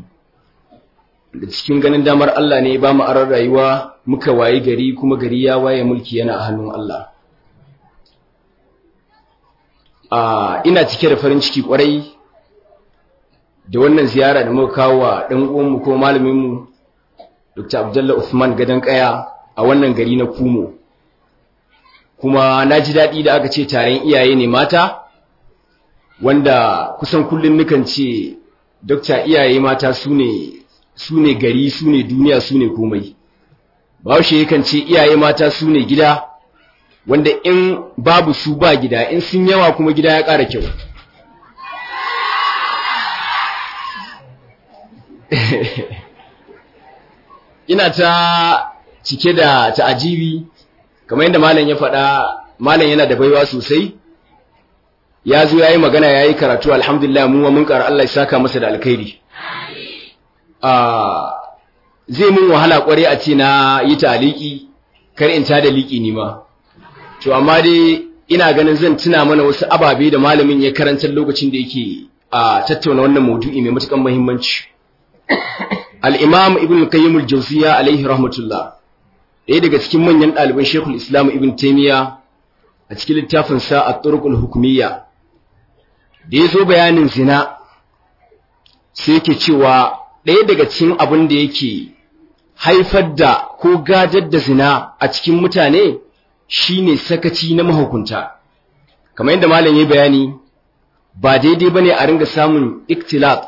da cikin ganin damar Allah ne ba mu arar rayuwa muka waye gari kuma gari ya waye mulki yana a hannun Allah a ina cike da farin ciki kwarai da wannan ziyara da muka kawo wa dan uwanmu ko malamin mu Dr. Abdullah Uthman gadan kaya a wannan gari na Kumo kuma na ji daɗi da aka ce taren iyaye ne mata wanda kusan kullum nukan ce dokta iyaye mata su ne gari su ne duniya su ne komai bahaushe yakan ce iyaye mata su ne gida wanda in babu su ba gida in sun yawa kuma gida ya ƙara kyau ina ta cike da ta ta'ajibi kamar yadda malam ya faɗa malam yana da baiwa sosai ya zo ya yi magana ya yi karatu alhamdulillah mu mun ƙara Allah ya saka masa da alkhairi a zai mun wahala kware a ce na yi ta taliki kar in ta da liki ni ma to amma dai ina ganin zan tuna mana wasu ababe da malamin ya karanta lokacin da yake a tattauna wannan maudu'i mai matukan muhimmanci al-imam ibn qayyim al-jawziya alaihi rahmatullah ɗaya daga cikin manyan ɗaliban shekul islam ibn taimiya a cikin littafin sa a turkul hukumiyya da ya zo bayanin zina sai yake cewa ɗaya daga cikin abin da yake haifar da ko gajar da zina a cikin mutane shi ne sakaci na mahukunta kamar yadda malam ya bayani ba daidai ba ne a ringa samun iktilaf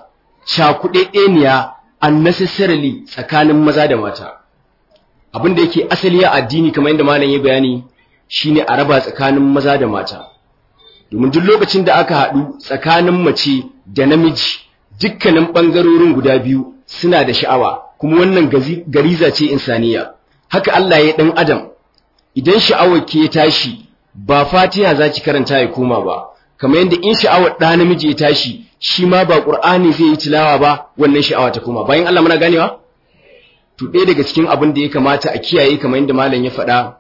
cakuɗeɗeniya unnecessarily tsakanin maza da mata abin da yake asali a addini kamar yadda malam ya bayani shi ne a raba tsakanin maza da mata domin duk lokacin da aka haɗu tsakanin mace da namiji dukkanin ɓangarorin guda biyu suna da sha'awa kuma wannan gariza ce insaniya haka Allah ya ɗan adam idan sha'awar ke tashi ba fatiha za ki karanta ya koma ba kamar yadda in sha'awar ɗa namiji ya tashi shi ma ba ƙur'ani zai yi tilawa ba wannan sha'awa ta koma bayan Allah muna ganewa to ɗaya daga cikin abin da ya kamata a kiyaye kamar yadda malam ya faɗa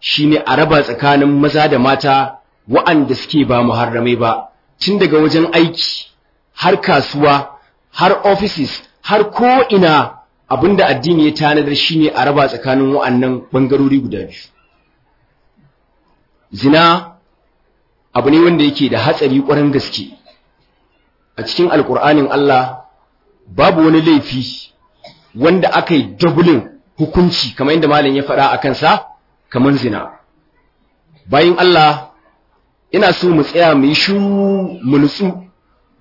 shine a raba tsakanin maza da mata wa'anda suke ba muharramai ba tun daga wajen aiki har kasuwa har offices har ko ko'ina abinda addini ya tanadar shine a raba tsakanin wa'annan bangarori guda biyu zina abu ne wanda yake da hatsari ƙwarar gaske a cikin alkur'anin Allah babu wani laifi wanda aka yi dubulin hukunci kamar yadda malam ya faɗa a kansa kamar zina bayan Allah ina so mu tsaya mu yi shiru mu nutsu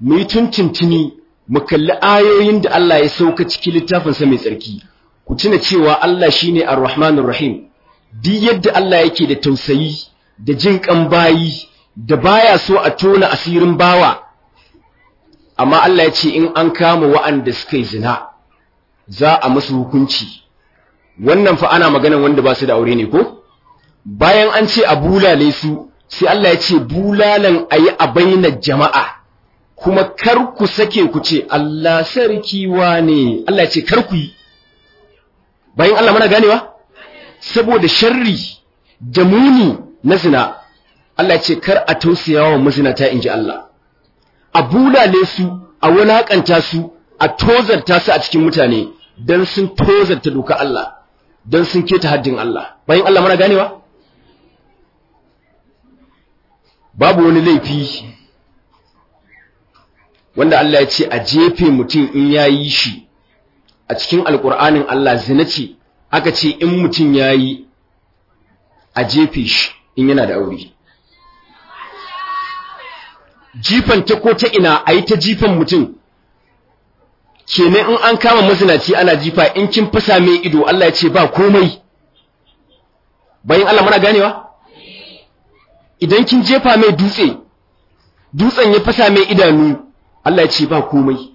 mu yi tuntuntuni mu kalli ayoyin da Allah ya sauka cikin littafinsa mai tsarki ku tuna cewa Allah shine Ar-Rahmanur Rahim duk yadda Allah yake da tausayi da jin kan bayi da baya so a tona asirin bawa amma Allah ya ce in an kama wa'anda suka zina za a musu hukunci wannan fa ana maganan wanda ba su da aure ne ko bayan an ce a bulale su sai Allah ya ce bulalan ayi a bainar jama'a kuma kar ku sake ku ce Allah sarki wane Allah ya ce kar ku yi bayan Allah mana ganewa saboda sharri da muni na zina Allah ya ce kar a tausaya wa mazinata inji Allah a bulale su a wulakanta su a tozarta su a cikin mutane dan sun tozarta doka Allah dan sun keta haddin Allah bayan Allah mana ganewa babu wani laifi wanda Allah ya ce a jefe mutum in ya yi shi a cikin alkur'anin Allah zina ce aka ce in mutum ya yi a jefe shi in yana da aure jifan ta ko ta ina a yi ta jifan mutum kenan in an kama mazinaci ana jifa in kin fasa mai ido Allah ya ce ba komai bayan Allah mana ganewa idan kin jefa mai dutse dutsen ya fasa mai idanu Allah ya ce ba komai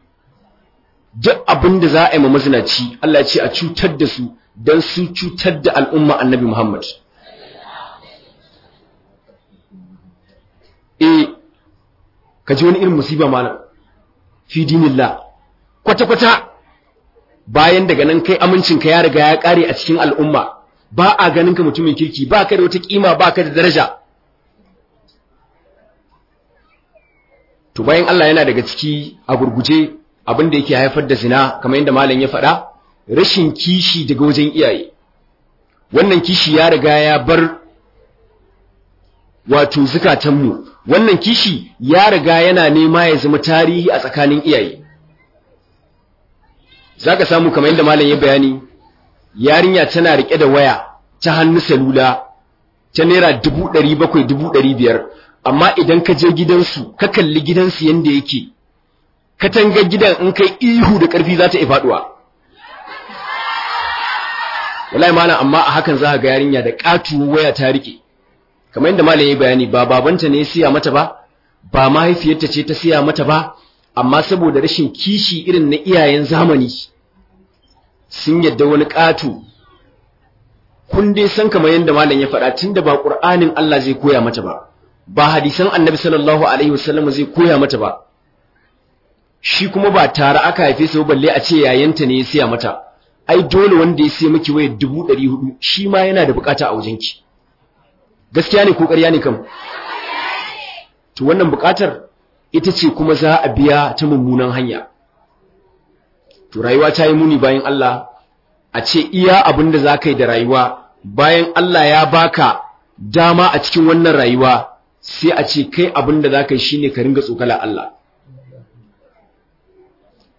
duk abin za a yi ma mazinaci Allah ya ce a cutar da su don sun cutar da al'umma annabi Muhammad eh ka ji wani irin musiba malam fi dinillah kwata-kwata bayan daga nan kai amincin ka ya riga ya kare a cikin al'umma ba a ganin ka mutumin kirki ba ka da wata kima ba ka da daraja to bayan Allah yana daga ciki a gurguje abin da yake haifar da zina kamar yadda malam ya faɗa rashin kishi daga wajen iyaye wannan kishi ya riga ya bar wato zukatanmu wannan kishi ya riga yana nema ya zama tarihi a tsakanin iyaye za ka samu kamar yadda malam ya bayani yarinya tana riƙe da waya ta hannu salula ta naira dubu ɗari bakwai dubu ɗari biyar amma idan ka je gidansu ka kalli gidansu yanda yake katangar gidan in kai ihu da ƙarfi za ta yi faɗuwa wallahi mana amma a hakan za ga yarinya da ƙatu waya ta rike kamar yadda malam ya bayani ba babanta ne ya siya mata ba ba mahaifiyarta ce ta siya mata ba amma saboda rashin kishi irin na iyayen zamani sun yadda wani ƙatu kun dai san kamar yadda malam ya faɗa tunda ba ƙur'anin Allah zai koya mata ba ba hadisan annabi sallallahu alaihi wasallam zai koya mata ba shi kuma ba tare aka haife su balle a ce yayanta ne ya siya mata ai dole wanda ya siya miki waya dubu ɗari shi ma yana da bukata a wajenki gaskiya ne ko ƙarya ne kam to wannan bukatar ita ce kuma za a biya ta mummunan hanya to rayuwa ta yi muni bayan Allah a ce iya abun da za ka yi da rayuwa bayan Allah ya baka dama a cikin wannan rayuwa sai a ce kai abin da za ka yi ne ka ringa tsokala Allah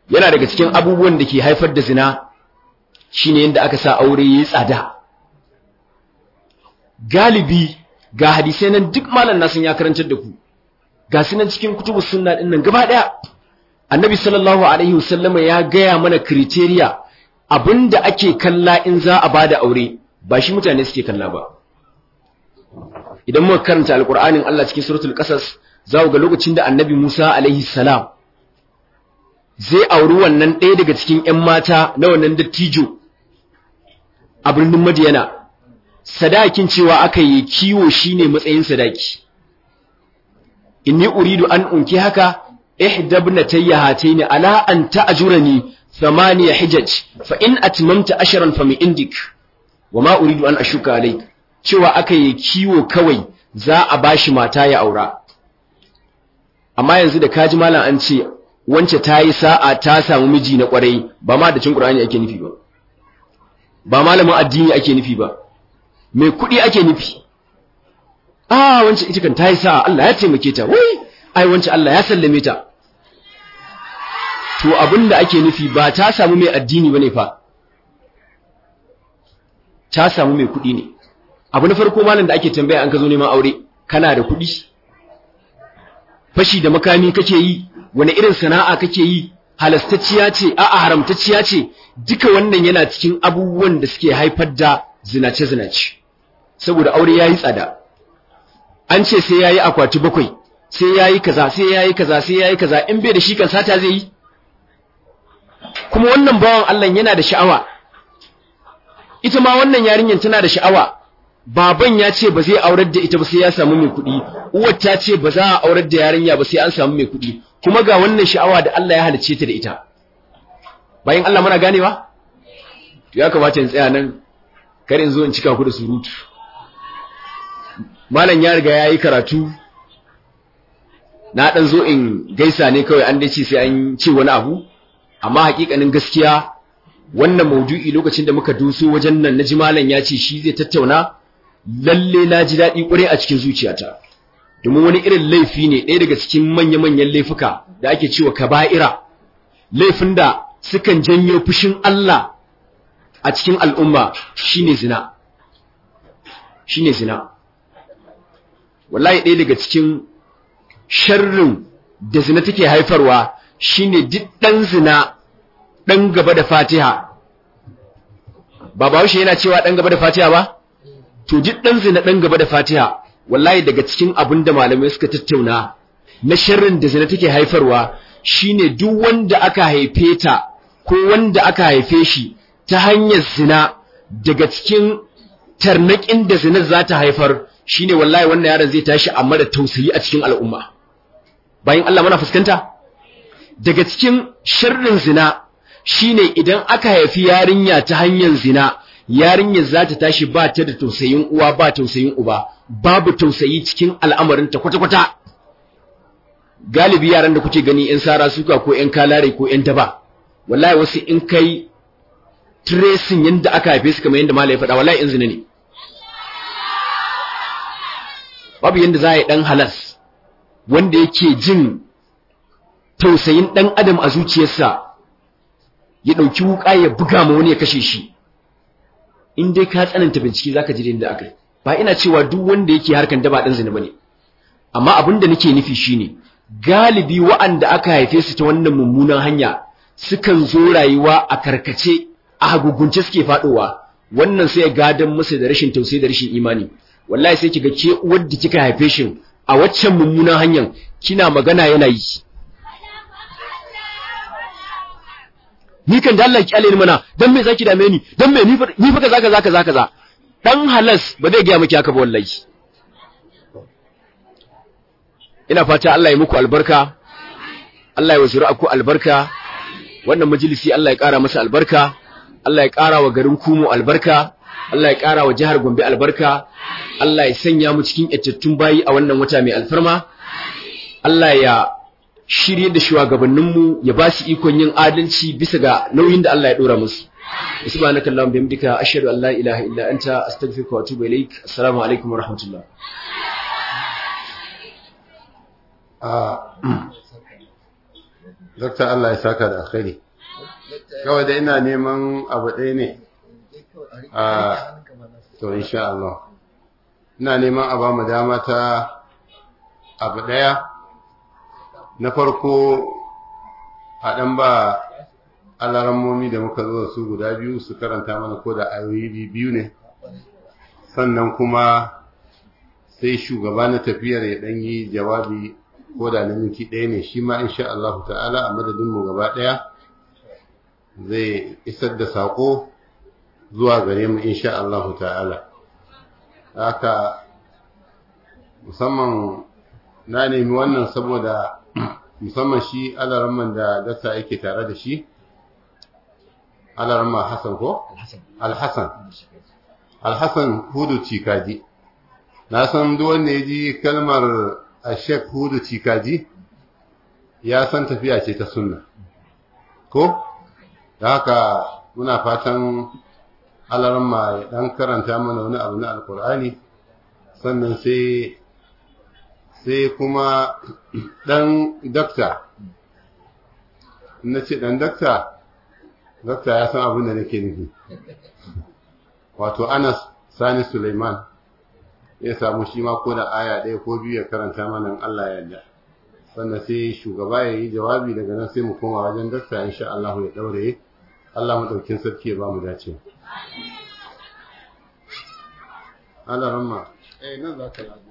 yana daga cikin abubuwan da ke haifar da zina shine yadda aka sa aure ya yi tsada galibi ga hadisai nan duk malam nasin ya karantar da ku ga su cikin kutubu suna ɗin nan gaba ɗaya annabi sallallahu alaihi wasallama ya gaya mana kriteriya abin da ake kalla in za a bada aure ba shi mutane suke kalla ba idan muka karanta alkur'anin Allah cikin suratul qasas za ga lokacin da annabi Musa alaihi salam zai auri wannan ɗaya daga cikin ƴan mata na wannan dattijo a birnin Madiyana sadakin cewa aka yi kiwo shine matsayin sadaki inni uridu an unki haka ihdabna tayyahataini ala an ta'jurani thamaniya hijaj fa in atmamta ashran fa min indik wama uridu an ashuka alayk cewa aka yi kiwo kawai za a bashi mata ya aura amma yanzu da kaji malam an ce wance ta yi sa'a ta samu miji na kwarai ba ma da cin qur'ani ake nufi ba ba malamin addini ake nufi ba mai kuɗi ake nufi ah wance ita kan ta yi sa'a Allah ya taimake ta wai ai wance Allah ya sallame ta to abin da ake nufi ba ta samu mai addini bane fa ta samu mai kuɗi ne abu na farko malam da ake tambaya an ka zo neman aure kana da kuɗi fashi da makami kake yi wani irin sana'a kake yi halastacciya ce a'a haramtacciya ce duka wannan yana cikin abubuwan da suke haifar da zinace zinace saboda aure yayi tsada an ce sai yayi akwati bakwai sai yayi kaza sai yayi kaza sai yayi kaza in bai da shi kan sata zai yi kuma wannan bawan Allah yana da sha'awa ita ma wannan yarinyar tana da sha'awa baban ya ce ba zai aurar da ita ba sai ya samu mai kuɗi uwar ta ce ba za a aurar da yarinya ba sai an samu mai kuɗi kuma ga wannan sha'awa da Allah ya halice ta da ita bayan Allah muna ganewa to ya kamata in tsaya nan kar in zo in cika ku da surutu malam ya riga yayi karatu na dan zo in gaisa ne kawai an dace sai an ce wani abu amma hakikanin gaskiya wannan maudu'i lokacin da muka duso wajen nan na ji malam ya ce shi zai tattauna lalle na ji daɗi ƙwarai a cikin zuciyata domin wani irin laifi ne ɗaya daga cikin manya-manyan laifuka da ake cewa kaba'ira laifin da sukan janyo fushin Allah a cikin al'umma shine zina shine zina wallahi ɗaya daga cikin sharrin da zina take haifarwa shine duk ɗan zina ɗan gaba da fatiha ba bahaushe yana cewa ɗan gaba da fatiha ba to ɗan dan zina ɗan gaba da Fatiha wallahi daga cikin abin da malamai suka tattauna na sharrin da zina take haifarwa shine duk wanda aka haife ta ko wanda aka haife shi ta hanyar zina daga cikin tarnaƙin da zina za ta haifar shine wallahi wannan yaron zai tashi a mara tausayi a cikin al'umma bayan Allah muna fuskanta daga cikin sharrin zina shine idan aka haifi yarinya ta hanyar zina yarinyar za ta tashi ba ta da tausayin uwa ba tausayin uba babu tausayi cikin al'amarin ta kwata-kwata galibi yaran da kuke gani 'yan sara suka ko 'yan kalare ko 'yan daba wallahi wasu in kai tracing yadda aka haife su kamar yadda malai faɗa wallahi in ne babu yadda za a yi ɗan halas wanda yake jin tausayin ɗan adam a zuciyarsa ya ɗauki wuƙa ya buga ma wani ya kashe shi in dai ka tsananta bincike zaka ji da akai ba ina cewa duk wanda yake harkan daba dan zina bane amma abin da nake nufi shine galibi wa'anda aka haife su ta wannan mummunan hanya sukan zo rayuwa a karkace a hagugunce suke fadowa wannan sai gadan musu da rashin tausayi da rashin imani wallahi sai kiga ke uwar da kika haife shi a waccan mummunan hanyar kina magana yana yi ni kan da Allah kyale ni mana dan me zaki dame ni dan me ni fa kaza kaza kaza za dan halas ba zai ga miki haka ba wallahi ina fata Allah ya muku albarka Allah ya wasuru ku albarka wannan majalisi Allah ya kara masa albarka Allah ya ƙara wa garin Kumo albarka Allah ya ƙara wa jihar Gombe albarka Allah ya sanya mu cikin ƴattattun bayi a wannan wata mai alfarma Allah ya shirye da shugabanninmu ya ba su ikon yin adalci bisa ga nauyin da Allah ya dora musu subhanaka allahumma bihamdika ashhadu an la ilaha illa anta astaghfiruka wa atubu ilaik assalamu alaikum wa rahmatullah ah, Dokta Allah ya saka da alkhairi kawai da ina neman abu ɗaya ne ah, to insha Allah ina neman a ba mu dama ta abu ɗaya na farko a ɗan ba alarammomi da muka zo da su guda biyu su karanta mana ko da ayoyi biyu ne sannan kuma sai shugaba na tafiyar ya ɗan yi jawabi ko da na minti ɗaya ne shi ma insha Allah ta'ala a mu gaba ɗaya zai isar da saƙo zuwa gare mu insha Allah ta'ala haka musamman na nemi wannan saboda musamman shi alarman da dasa yake tare da shi alarma hassan ko? alhassan alhassan hudu cikaji na san duwanda ya ji kalmar ashek hudu cikaji ya san tafiya ce ta sunna ko? da haka muna fatan alarma ya ɗan karanta mana wani abu na alkur'ani sannan sai sai kuma ɗan dakta na ce ɗan dakta dakta ya san abin da nake nufi wato anas sani suleiman ya samu shi ma ko da aya ɗaya ko biyu ya karanta mana allah ya yarda sannan sai shugaba ya yi jawabi daga nan sai mu koma wajen dakta insha Allah ya daure Allah mu ɗaukin sarki ya ba mu dace Allah ramma eh nan za ka lagu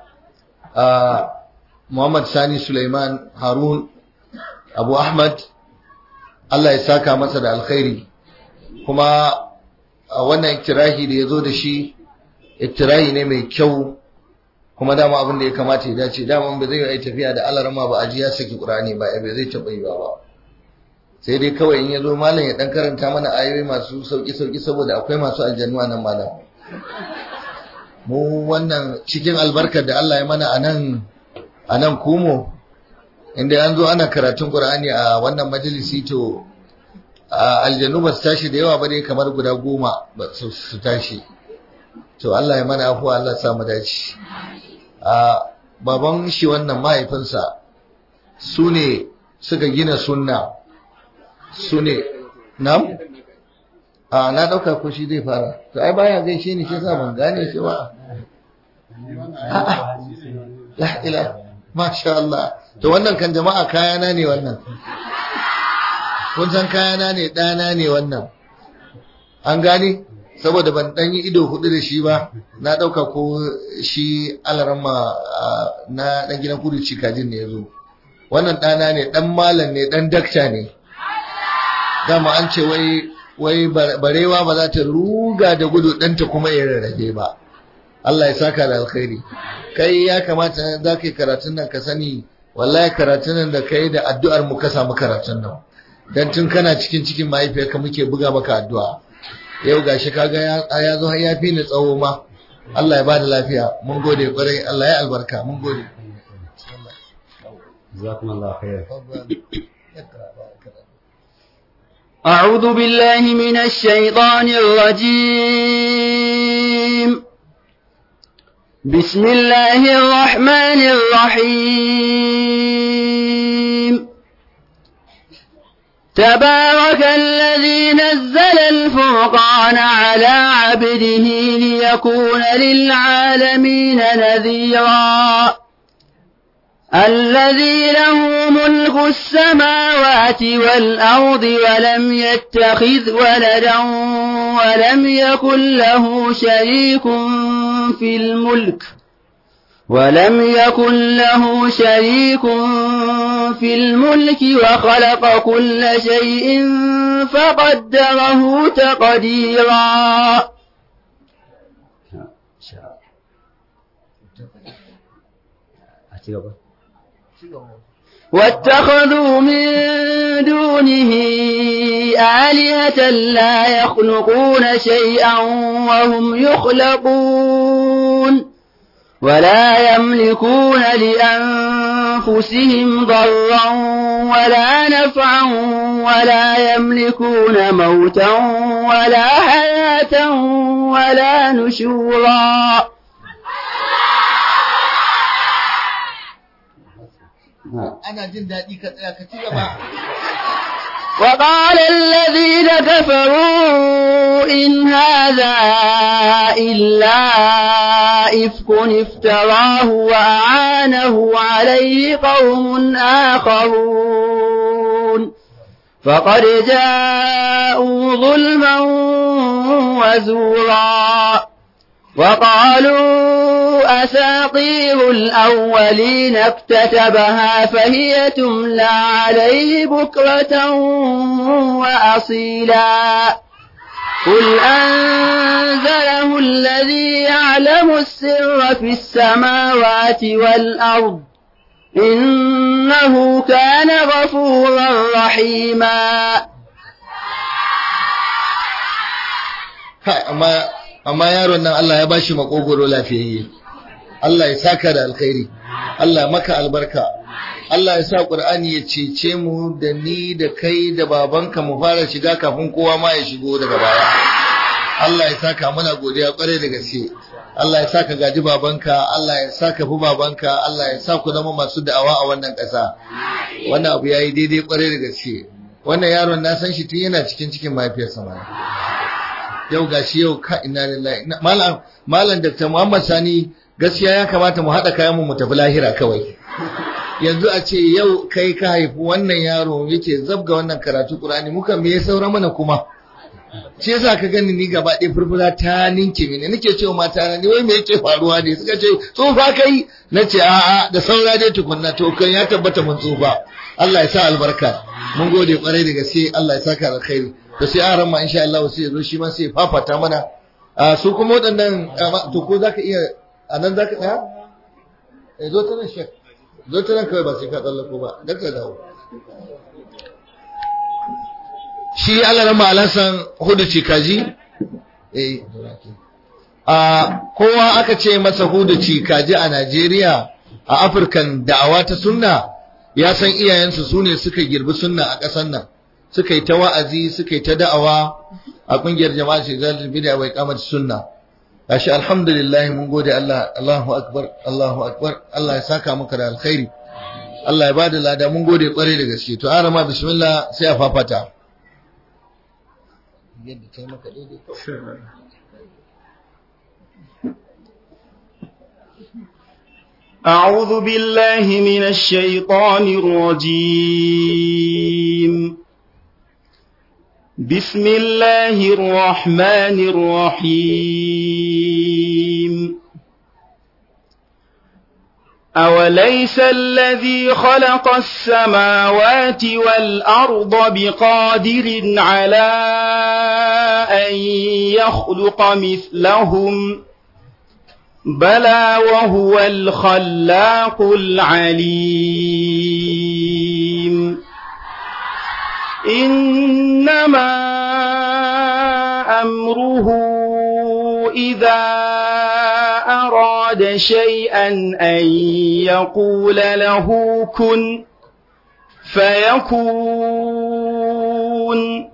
Muhammad Sani Suleiman Harun Abu Ahmad Allah ya saka masa da alkhairi kuma wannan iktirahi da ya zo da shi iktirahi ne mai kyau kuma dama abin da ya kamata ya dace dama ba zai yi tafiya da alarma ba aji ya saki qur'ani ba ba zai taɓa yi ba sai dai kawai in ya zo malam ya dan karanta mana ayoyi masu sauki sauki saboda akwai masu aljannu nan malam mu wannan cikin albarkar da Allah ya mana a nan a nan kumo inda an zo ana karatun Qur'ani a wannan majalisi to aljanu ba su tashi da yawa ba ne kamar guda goma ba su tashi to Allah ya mana afuwa Allah sa dace a baban shi wannan mahaifinsa su ne suka gina sunna su ne na a na ɗauka ko shi zai fara to ai baya gaishe ne shi sa ban gane ba la ila masha Allah to wannan kan jama'a kayana ne wannan kun san kayana ne ɗana ne wannan an gane saboda ban ɗan yi ido hudu da shi ba na ɗauka ko shi alarma na ɗan gidan kudu cikajin ne ya zo wannan ɗana ne ɗan malam ne ɗan dakta ne dama an ce wai wai barewa ba za ta ruga da gudu ɗanta kuma ya rarrage ba Allah ya saka da alkhairi kai ya kamata za ka yi karatun nan ka sani wallahi karatun nan da ka yi da addu'ar mu ka samu karatun nan dan tun kana cikin cikin mahaifiyarka muke buga maka addu'a yau gashi kaga ya zo ya fi ni tsawo ma Allah ya bada lafiya mun gode kwarai Allah ya albarka mun gode أعوذ بالله من الشيطان الرجيم بسم الله الرحمن الرحيم تبارك الذي نزل الفرقان على عبده ليكون للعالمين نذيراً الذي له ملك السماوات والأرض ولم يتخذ ولدا ولم يكن له شريك في الملك ولم يكن له شريك في الملك وخلق كل شيء فقدره تقديرا أتيبه واتخذوا من دونه آلهة لا يخلقون شيئا وهم يخلقون ولا يملكون لأنفسهم ضرا ولا نفعا ولا يملكون موتا ولا حياة ولا نشورا وقال الذين كفروا إن هذا إلا إفك افتراه وأعانه عليه قوم آخرون فقد جاءوا ظلما وزورا وقالوا أساطير الأولين اكتتبها فهي تملى عليه بكرة وأصيلا قل أنزله الذي يعلم السر في السماوات والأرض إنه كان غفورا رحيما amma yaron nan Allah ya ba shi makogoro lafiyayye Allah ya saka da alkhairi Allah maka albarka Allah ya sa Qur'ani ya cece mu da ni da kai da babanka mu fara shiga kafin kowa ma ya shigo daga baya Allah ya saka muna godiya kwarai da gaske Allah ya saka gaji babanka Allah ya saka fi babanka Allah ya saka ku zama masu da'awa a wannan kasa. wannan abu yayi daidai kwarai da gaske wannan yaron na san shi tun yana cikin cikin mahaifiyarsa ma yau shi yau ka ina lillahi malam malam dr muhammad sani gaskiya ya kamata mu haɗa kayan mu tafi lahira kawai yanzu a ce yau kai ka haifi wannan yaro yake zabga wannan karatu qur'ani muka me saura mana kuma shi yasa ka gani ni gaba ɗaya furfura ta ninke mini nake cewa mata na ni wai me yake faruwa ne suka ce tsufa kai na ce a'a da saura dai tukunna to kan ya tabbata mun tsufa Allah ya sa albarka mun gode kwarai da gaske Allah ya saka alkhairi to sai aran ma insha Allah sai zo shi ma sai fafata mana su kuma waɗannan to ko zaka iya anan zaka tsaya eh zo ta nan shek zo ta nan kawai ba sai ka tsallako ba dan ka dawo shi Allah rama san hudu ci kaji eh a kowa aka ce masa hudu ci kaji a Najeriya a Afirkan da'awa ta sunna ya san iyayensu su ne suka girbi sunna a ƙasar nan suka yi ta wa'azi suka yi ta da'awa a kungiyar jama'a ce zalil bid'a wa iqamat sunna gashi alhamdulillah mun gode Allah Allahu akbar Allahu akbar Allah ya saka muka da alkhairi Allah ya bada lada mun gode kware da gaske to arama bismillah sai a fafata yadda kai maka daidai أعوذ بالله من الشيطان الرجيم بسم الله الرحمن الرحيم أوليس الذي خلق السماوات والأرض بقادر على أن يخلق مثلهم بلى وهو الخلاق العليم إنما أمره إذا أراد شيئا أن يقول له كن فيكون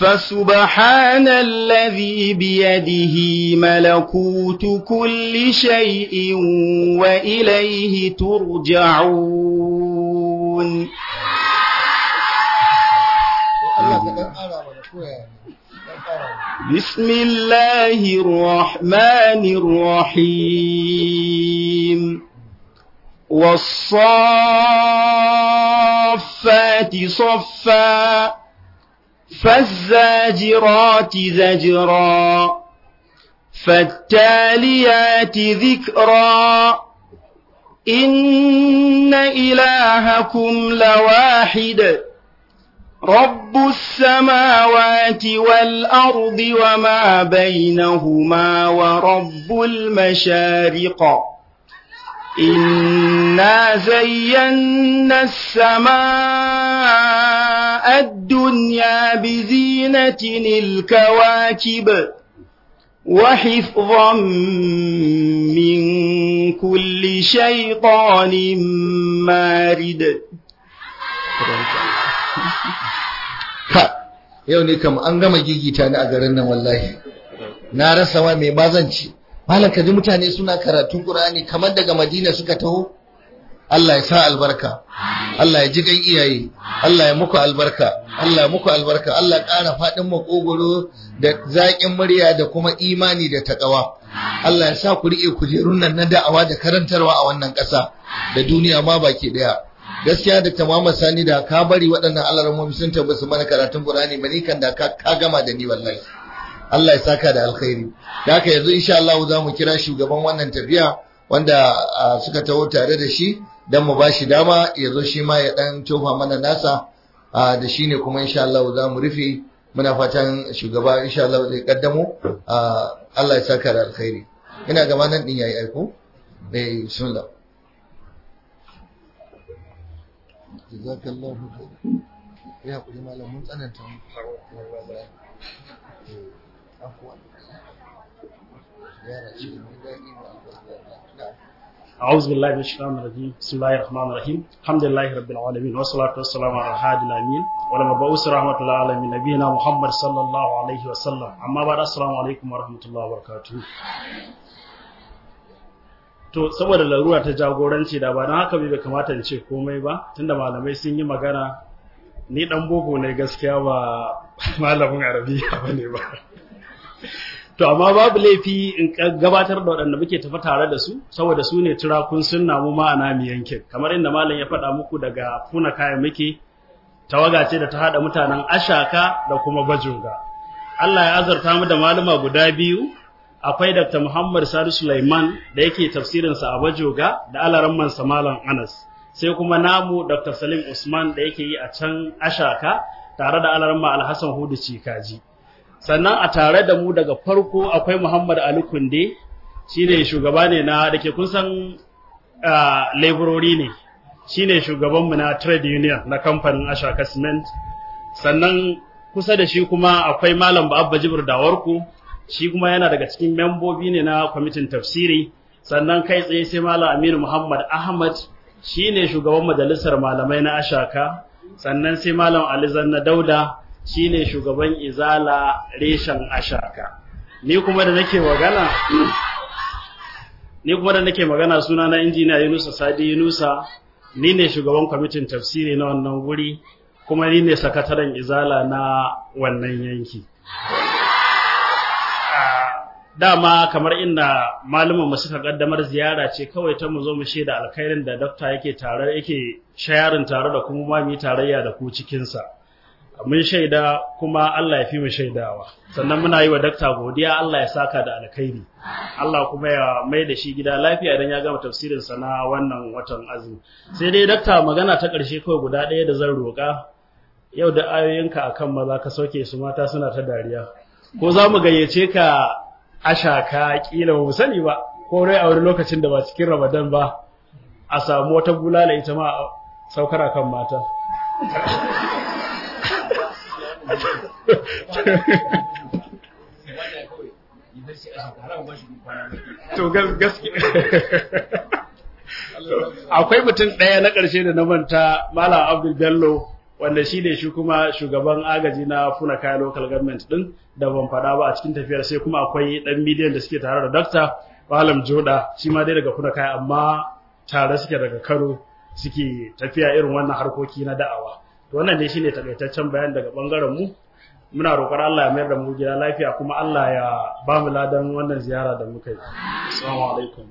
فسبحان الذي بيده ملكوت كل شيء وإليه ترجعون بسم الله الرحمن الرحيم والصافات صفا فالزاجرات زجرا فالتاليات ذكرا إن إلهكم لواحد رب السماوات والأرض وما بينهما ورب المشارق إنا زينا السماء الدنيا بزينة الكواكب وحفظا من كل شيطان مارد yau ne kam an gama gigita ni a garin nan wallahi na rasa wa mai bazanci malam kaji mutane suna karatun qur'ani kamar daga madina suka taho Allah ya sa albarka Allah ya ji gan iyaye Allah ya muku albarka Allah ya muku albarka Allah ƙara faɗin makogoro da zaƙin murya da kuma imani da taƙawa Allah ya sa ku riƙe kujerun nan na da'awa da karantarwa a wannan ƙasa da duniya ma baki ɗaya gaskiya da tamama sani da ka bari waɗannan alarmomi sun su mana karatun Qur'ani bane kan da ka gama da ni wallahi Allah ya saka da alkhairi da haka yanzu insha Allah za mu kira shugaban wannan tafiya wanda suka taho tare da shi dan mu bashi dama ya zo shi ma ya dan tofa mana nasa da shi ne kuma insha Allah za mu rufe muna fatan shugaba insha Allah zai kaddamo Allah ya saka da alkhairi ina gaba nan din yayi aiko eh, bismillah جزاك الله خير ya ما malam mun tsananta أعوذ بالله من الشيطان الرجيم بسم الله الرحمن الرحيم الحمد لله رب العالمين والصلاة والسلام على الحاج الأمين ولما بأوس رحمة الله على نبينا محمد صلى الله عليه وسلم أما بعد السلام عليكم ورحمة الله وبركاته to saboda larura ta jagoranci da ba don haka bai kamata in ce komai ba tunda malamai sun yi magana ni dan boko ne gaskiya ba malamin arabiya ba ne ba to amma babu laifi in gabatar da waɗanda muke tafi tare da su saboda su ne turakun sunna mu ma'ana mu yankin kamar inda malam ya faɗa muku daga funa kayan muke tawaga ce da ta haɗa mutanen ashaka da kuma bajunga Allah ya azarta mu da malama guda biyu akwai Dr. Muhammad Sadu Sulaiman da yake tafsirin sa a Bajoga da alaran sa Malam Anas sai kuma namu Dr. Salim Usman da yake yi a can Ashaka tare da alaramma Alhassan Hudu Cikaji sannan a tare da mu daga farko akwai Muhammad Ali Kunde shine shugaba ne na dake kun san laborori ne shine shugabanmu na trade union na kamfanin Ashaka Cement sannan kusa da shi kuma akwai Malam Abba Jibir Dawarku shi kuma yana daga cikin membobi ne na kwamitin tafsiri sannan kai tsaye sai malam Aminu Muhammad Ahmad shi ne shugaban majalisar malamai na Ashaka sannan sai malam Alizan na Dauda shi ne shugaban Izala reshen Ashaka ni kuma da nake magana suna na injiniya Yunusa Sadi Yunusa ni ne shugaban kwamitin tafsiri na wannan guri kuma ni ne sakataren izala na wannan yanki dama kamar inda malumin mu suka kaddamar ziyara ce kawai ta mu zo mu shaida alkhairin da dokta yake tare yake shayarin tare da kuma mami tarayya da ku cikin sa mun shaida kuma Allah ya fi mu shaidawa sannan muna yi wa dakta godiya Allah ya saka da alkhairi Allah kuma ya mai da shi gida lafiya idan ya gama tafsirin sa na wannan watan azumi sai dai dakta magana ta ƙarshe kawai guda ɗaya da zan roƙa yau da ayoyinka akan maza ka sauke su mata suna ta dariya ko za mu gayyace ka ashaka kila ba sani ba ko rai a wani lokacin da ba cikin Ramadan ba a samu wata bulala ita ma saukara kan mata to gaskiya akwai mutum ɗaya na ƙarshe da na manta malam abdul bello wanda shi ne shi kuma shugaban agaji na funa kaya local government din da ban faɗa ba a cikin tafiyar sai kuma akwai ɗan miliyan da suke tare da dokta. malam joda shi ma dai daga funa kaya amma tare suke daga kano suke tafiya irin wannan harkoki na da'awa to wannan dai shine takaitaccen bayan daga bangaren mu muna roƙar Allah ya mayar da mu gida lafiya kuma Allah ya ba mu ladan wannan ziyara da muka yi assalamu alaikum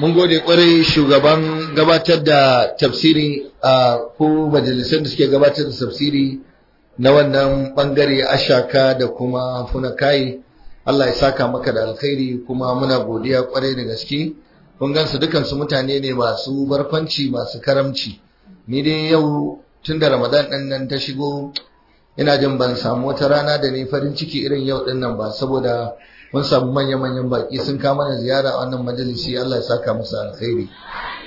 mun gode kwarai shugaban gabatar da tafsiri a ko majalisar da suke gabatar da tafsiri na wannan bangare ashaka da kuma funakai Allah ya saka maka da alkhairi kuma muna godiya kwarai da gaske kun gansu dukan su mutane ne masu barfanci masu karamci ni dai yau tun da Ramadan din nan ta shigo ina jin ban samu wata rana da ni farin ciki irin yau din nan ba saboda mun samu manya-manyan baki sun kama na ziyara a wannan majalisi Allah ya saka musu alkhairi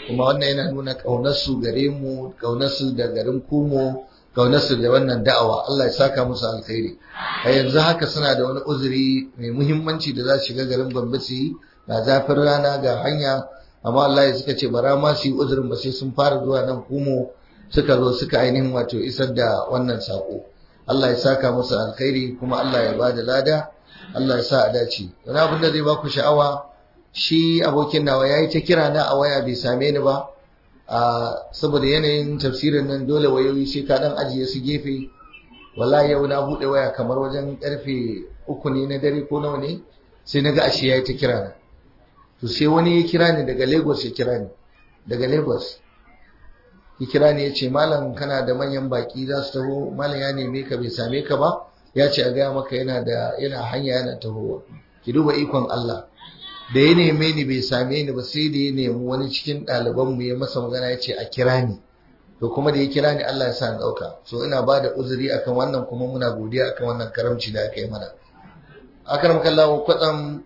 kuma wannan yana nuna kaunarsu gare mu ƙaunarsu da garin kumo ƙaunarsu da wannan da'awa Allah ya saka musu alkhairi a yanzu haka suna da wani uzuri mai muhimmanci da za su shiga garin Bambasi na zafin rana ga hanya amma Allah ya suka ce bara ma su yi uzurin ba sai sun fara zuwa nan kumo suka zo suka ainihin wato isar da wannan sako Allah ya saka musu alkhairi kuma Allah ya ba da lada Allah ya sa a dace wani abin da zai ba ku sha'awa shi abokin nawa ya yi ta kira na a waya bai same ni ba saboda yanayin tafsirin nan dole wayoyi sai ka dan ajiye su gefe wallahi yau na bude waya kamar wajen karfe uku ne na dare ko nawa ne sai naga ashe yi ta kira na to sai wani ya kira ni daga Lagos ya kira ni daga Lagos ya kira ni ya ce malam kana da manyan baki za su taho malam ya neme ka bai same ka ba ya ce a gaya maka yana da yana hanya yana tahowa ki duba ikon Allah da ya neme ni bai same ni ba sai da ya nemi wani cikin ɗaliban mu ya masa magana ya ce a kira ni to kuma da ya kira ni Allah ya sa in ɗauka so ina ba da uzuri akan wannan kuma muna godiya akan wannan karamci da aka yi mana akaram kallahu kwatsam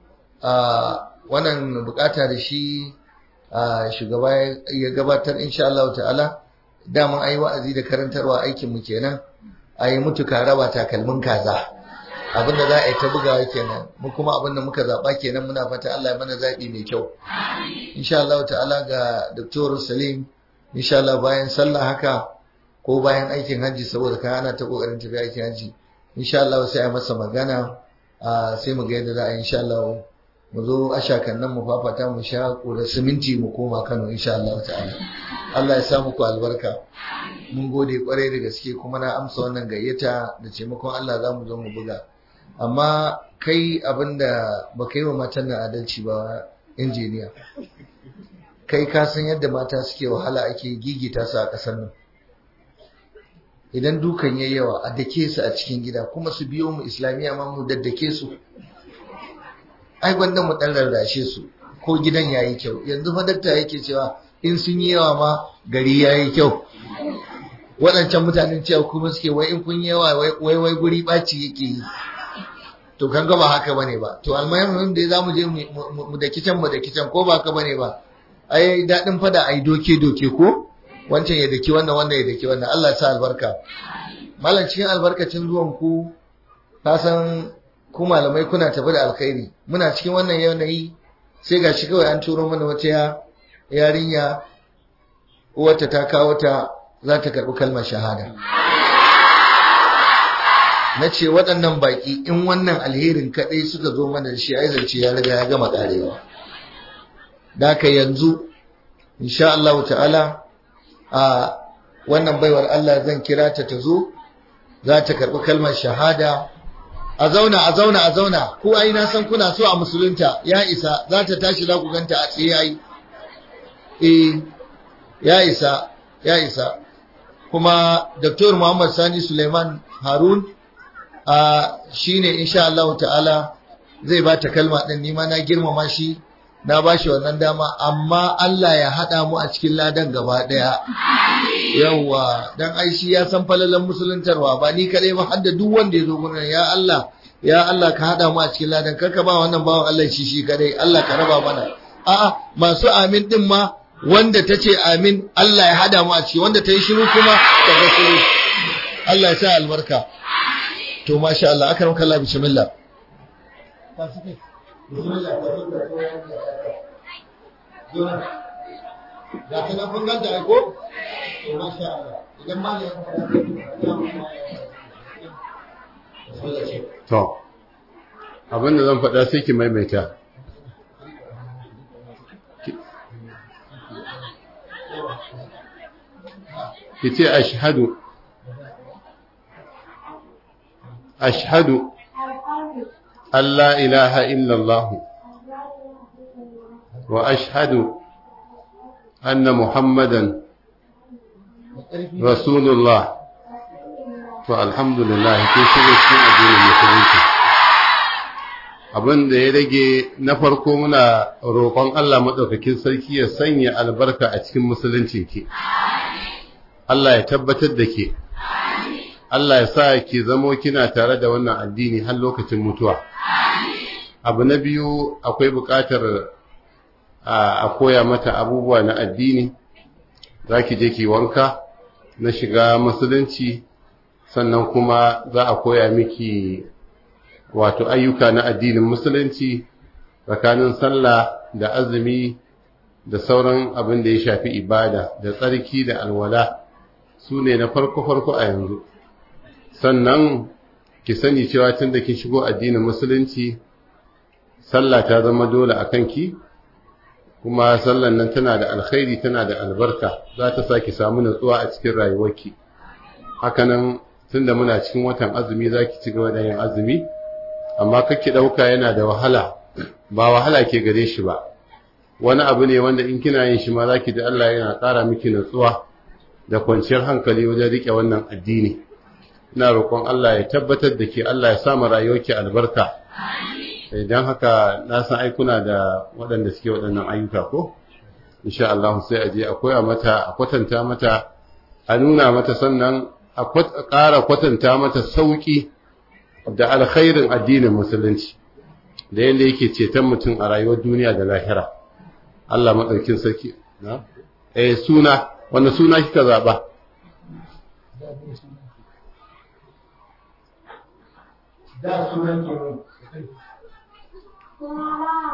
wannan bukata da shi shugaba ya gabatar insha Allah ta'ala dama ai wa'azi da karantarwa aikin mu kenan a yi mutu ka raba takalmin kaza abinda za a yi ta bugawa kenan mu kuma abinda muka zaba kenan muna fata Allah ya mana zaɓi mai kyau insha Allah ta'ala ga Dr. Salim insha Allah bayan sallah haka ko bayan aikin hajji saboda kai ana ta kokarin tafiya aikin hajji insha Allah sai a masa magana sai mu ga yadda za a insha Allah mu zo ashakan nan mu fafata mu sha ƙura siminti mu koma Kano insha Allah ta'ala Allah ya sa muku albarka mun gode kwarai da gaske kuma na amsa wannan gayyata da taimakon Allah za mu zo mu buga amma kai abinda ba kai wa matan nan adalci ba injiniya kai ka san yadda mata suke wahala ake gigita su a ƙasar nan idan dukan yayi yawa a dake su a cikin gida kuma su biyo mu islamiyya ma mu daddake su ai gwanda mu dan rarrashe su ko gidan yayi kyau yanzu fa dakta yake cewa in sun yi yawa ma gari yayi kyau waɗancan mutanen cewa kuma suke wai in kun yi yawa wai wai guri baci yake yi to kan ba haka bane ba to almuhim da za mu je mu da kicin mu da kicin ko ba haka bane ba ai dadin fada ai doke doke ko wancan ya daki wannan wannan ya daki wannan Allah ya sa albarka malam cikin albarkacin zuwan ku ka san ku malamai kuna tafi da alkhairi muna cikin wannan yanayi sai ga shi kawai an turo mana wata yarinya uwarta ta kawo ta za ta karɓi kalmar shahada na ce waɗannan baƙi in wannan alherin kaɗai suka zo mana shi a zance ya riga ya gama ƙarewa da ka yanzu insha Allah ta'ala a wannan baiwar Allah zan kira ta ta zo za ta karɓi kalmar shahada a zauna a zauna a zauna ku ai na san kuna so a musulunta ya isa za ta tashi za ku ganta a tsaye yayi eh ya isa ya isa kuma Dr. Muhammad Sani Suleiman Harun a shine insha Allah ta'ala zai ba ta kalma din nima na girmama shi na ba shi wannan dama amma Allah ya hada mu a cikin ladan gaba daya amin yawwa dan ai shi ya san falalan musuluntarwa ba ni kadai ba har da duk wanda ya zo gurin ya Allah ya Allah ka hada mu a cikin ladan karka ba wannan bawan Allah shi shi kadai Allah ka raba mana a'a masu amin din ma wanda ta ce amin Allah ya hada mu a ciki wanda ta yi shiru kuma ta ga shiru Allah ya sa albarka to masha Allah aka akram Allah bismillah bismillah da ta nan masha Allah idan ma ya to abin da zan faɗa sai ki maimaita ki ce ashhadu ashhadu an la ilaha illallah wa ashhadu أن محمدا رسول الله فالحمد لله كي شغلتي أدين المسلمين abin da ya rage na farko muna roƙon Allah maɗaukakin sarki ya sanya albarka a cikin musuluncin ke Allah ya tabbatar da ke Allah ya sa ki zamo kina tare da wannan addini har lokacin mutuwa abu na biyu akwai buƙatar a koya mata abubuwa na addini za ki je ki wanka na shiga musulunci sannan kuma za a koya miki wato ayyuka na addinin musulunci tsakanin sallah da azumi da sauran abin da ya shafi ibada da tsarki da alwala su ne na farko-farko a yanzu sannan ki sani cewa tun da kin shigo addinin musulunci sallah ta zama dole a kanki kuma sallan nan tana da alkhairi tana da albarka za ta ki samu natsuwa a cikin rayuwarki hakanan tunda muna cikin watan azumi za ki ci gaba da yin azumi amma kake ɗauka yana da wahala ba wahala ke gare shi ba wani abu ne wanda in kina yin shi ma za ki ji Allah yana ƙara miki natsuwa da kwanciyar hankali wajen riƙe wannan addini ina roƙon Allah ya tabbatar da ke Allah ya sa mu rayuwarki albarka idan eh, haka na san aikuna da waɗanda suke waɗannan ayyuka ko insha Allah sai a je a koya mata a kwatanta mata a nuna mata sannan a ƙara kwatanta mata sauƙi da alkhairin addinin musulunci da yadda yake ceton mutum a rayuwar duniya da lahira Allah maɗaukin sarki na eh suna wanda suna kika zaɓa da sunan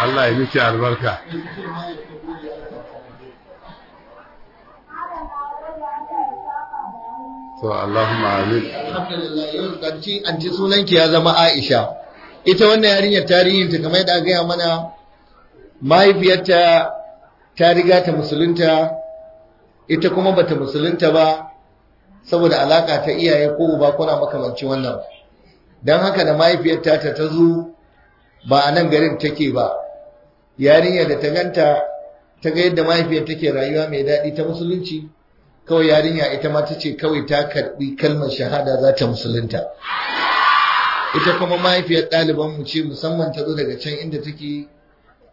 Allah ya miki albarka to Allahumma amin ganci an ji sunanki ya zama Aisha ita wannan yarinyar tarihin ta kamar yadda gaya mana mahaifiyarta ta riga ta musulunta ita kuma bata musulunta ba saboda alaka ta iyaye ko uba kuna makamanci wannan don haka da mahaifiyarta ta ta zo ba a nan garin take ba yarinya da ta ganta ta ga yadda mahaifiyar take rayuwa mai daɗi ta musulunci kawai yarinya ita ma ta ce kawai ta karɓi kalmar shahada za ta musulunta ita kuma mahaifiyar ɗaliban mu ce musamman ta zo daga can inda take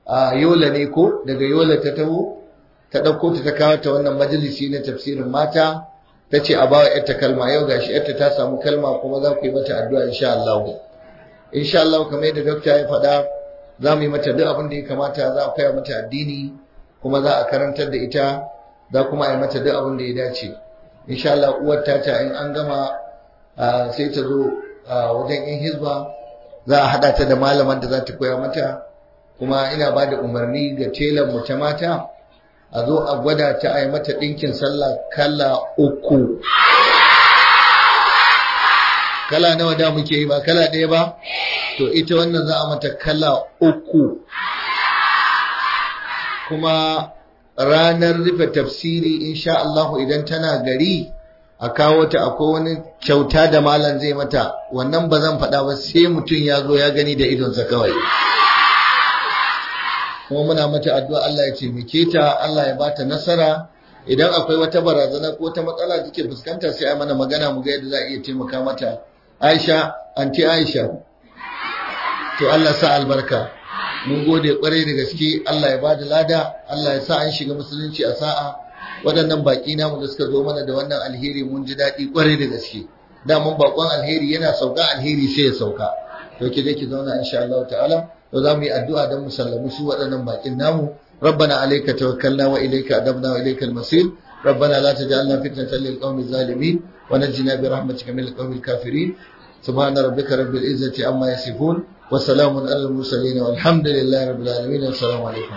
a yola ne ko daga yola ta taho ta ɗauko ta ta kawo ta wannan majalisi na tafsirin mata ta ce a bawa yarta kalma yau gashi yarta ta samu kalma kuma za ku yi mata addu'a insha Allah insha Allah kamar yadda dokta ya faɗa za mu yi mata duk abin da ya kamata za a koya mata addini kuma za a karantar da ita za kuma a yi mata duk abin da ya dace insha Allah uwar ta in an gama sai ta zo wajen yan hizba za a haɗa ta da malaman da za ta koya mata kuma ina ba da umarni ga telan mu ta mata a zo a gwada ta a yi mata ɗinkin sallah kala uku kala nawa da muke yi ba kala ɗaya ba to ita wannan za a mata kala uku kuma ranar rufe tafsiri insha Allah idan tana gari a kawo ta akwai wani kyauta da malam zai mata wannan ba zan faɗa ba sai mutum ya zo ya gani da idonsa kawai kuma muna mata addu'a Allah ya taimake ta Allah ya bata nasara idan akwai wata barazana ko wata matsala da take fuskanta sai a mana magana mu ga yadda za a iya taimaka mata Aisha anti Aisha to Allah sa albarka mun gode kwarai da gaske Allah ya bada lada Allah ya sa an shiga musulunci a sa'a waɗannan baƙi namu da suka zo mana da wannan alheri mun ji daɗi kwarai da gaske da mun baƙon alheri yana sauka alheri sai ya sauka to ki je ki zauna insha Allah ta'ala to za mu yi addu'a don mu sallamu su waɗannan baƙin namu ربنا عليك توكلنا وإليك أدبنا وإليك المصير ربنا لا تجعلنا فتنة للقوم الظالمين ونجنا برحمتك من القوم الكافرين سبحان ربك رب العزة عما يصفون وسلام على المرسلين والحمد لله رب العالمين والسلام عليكم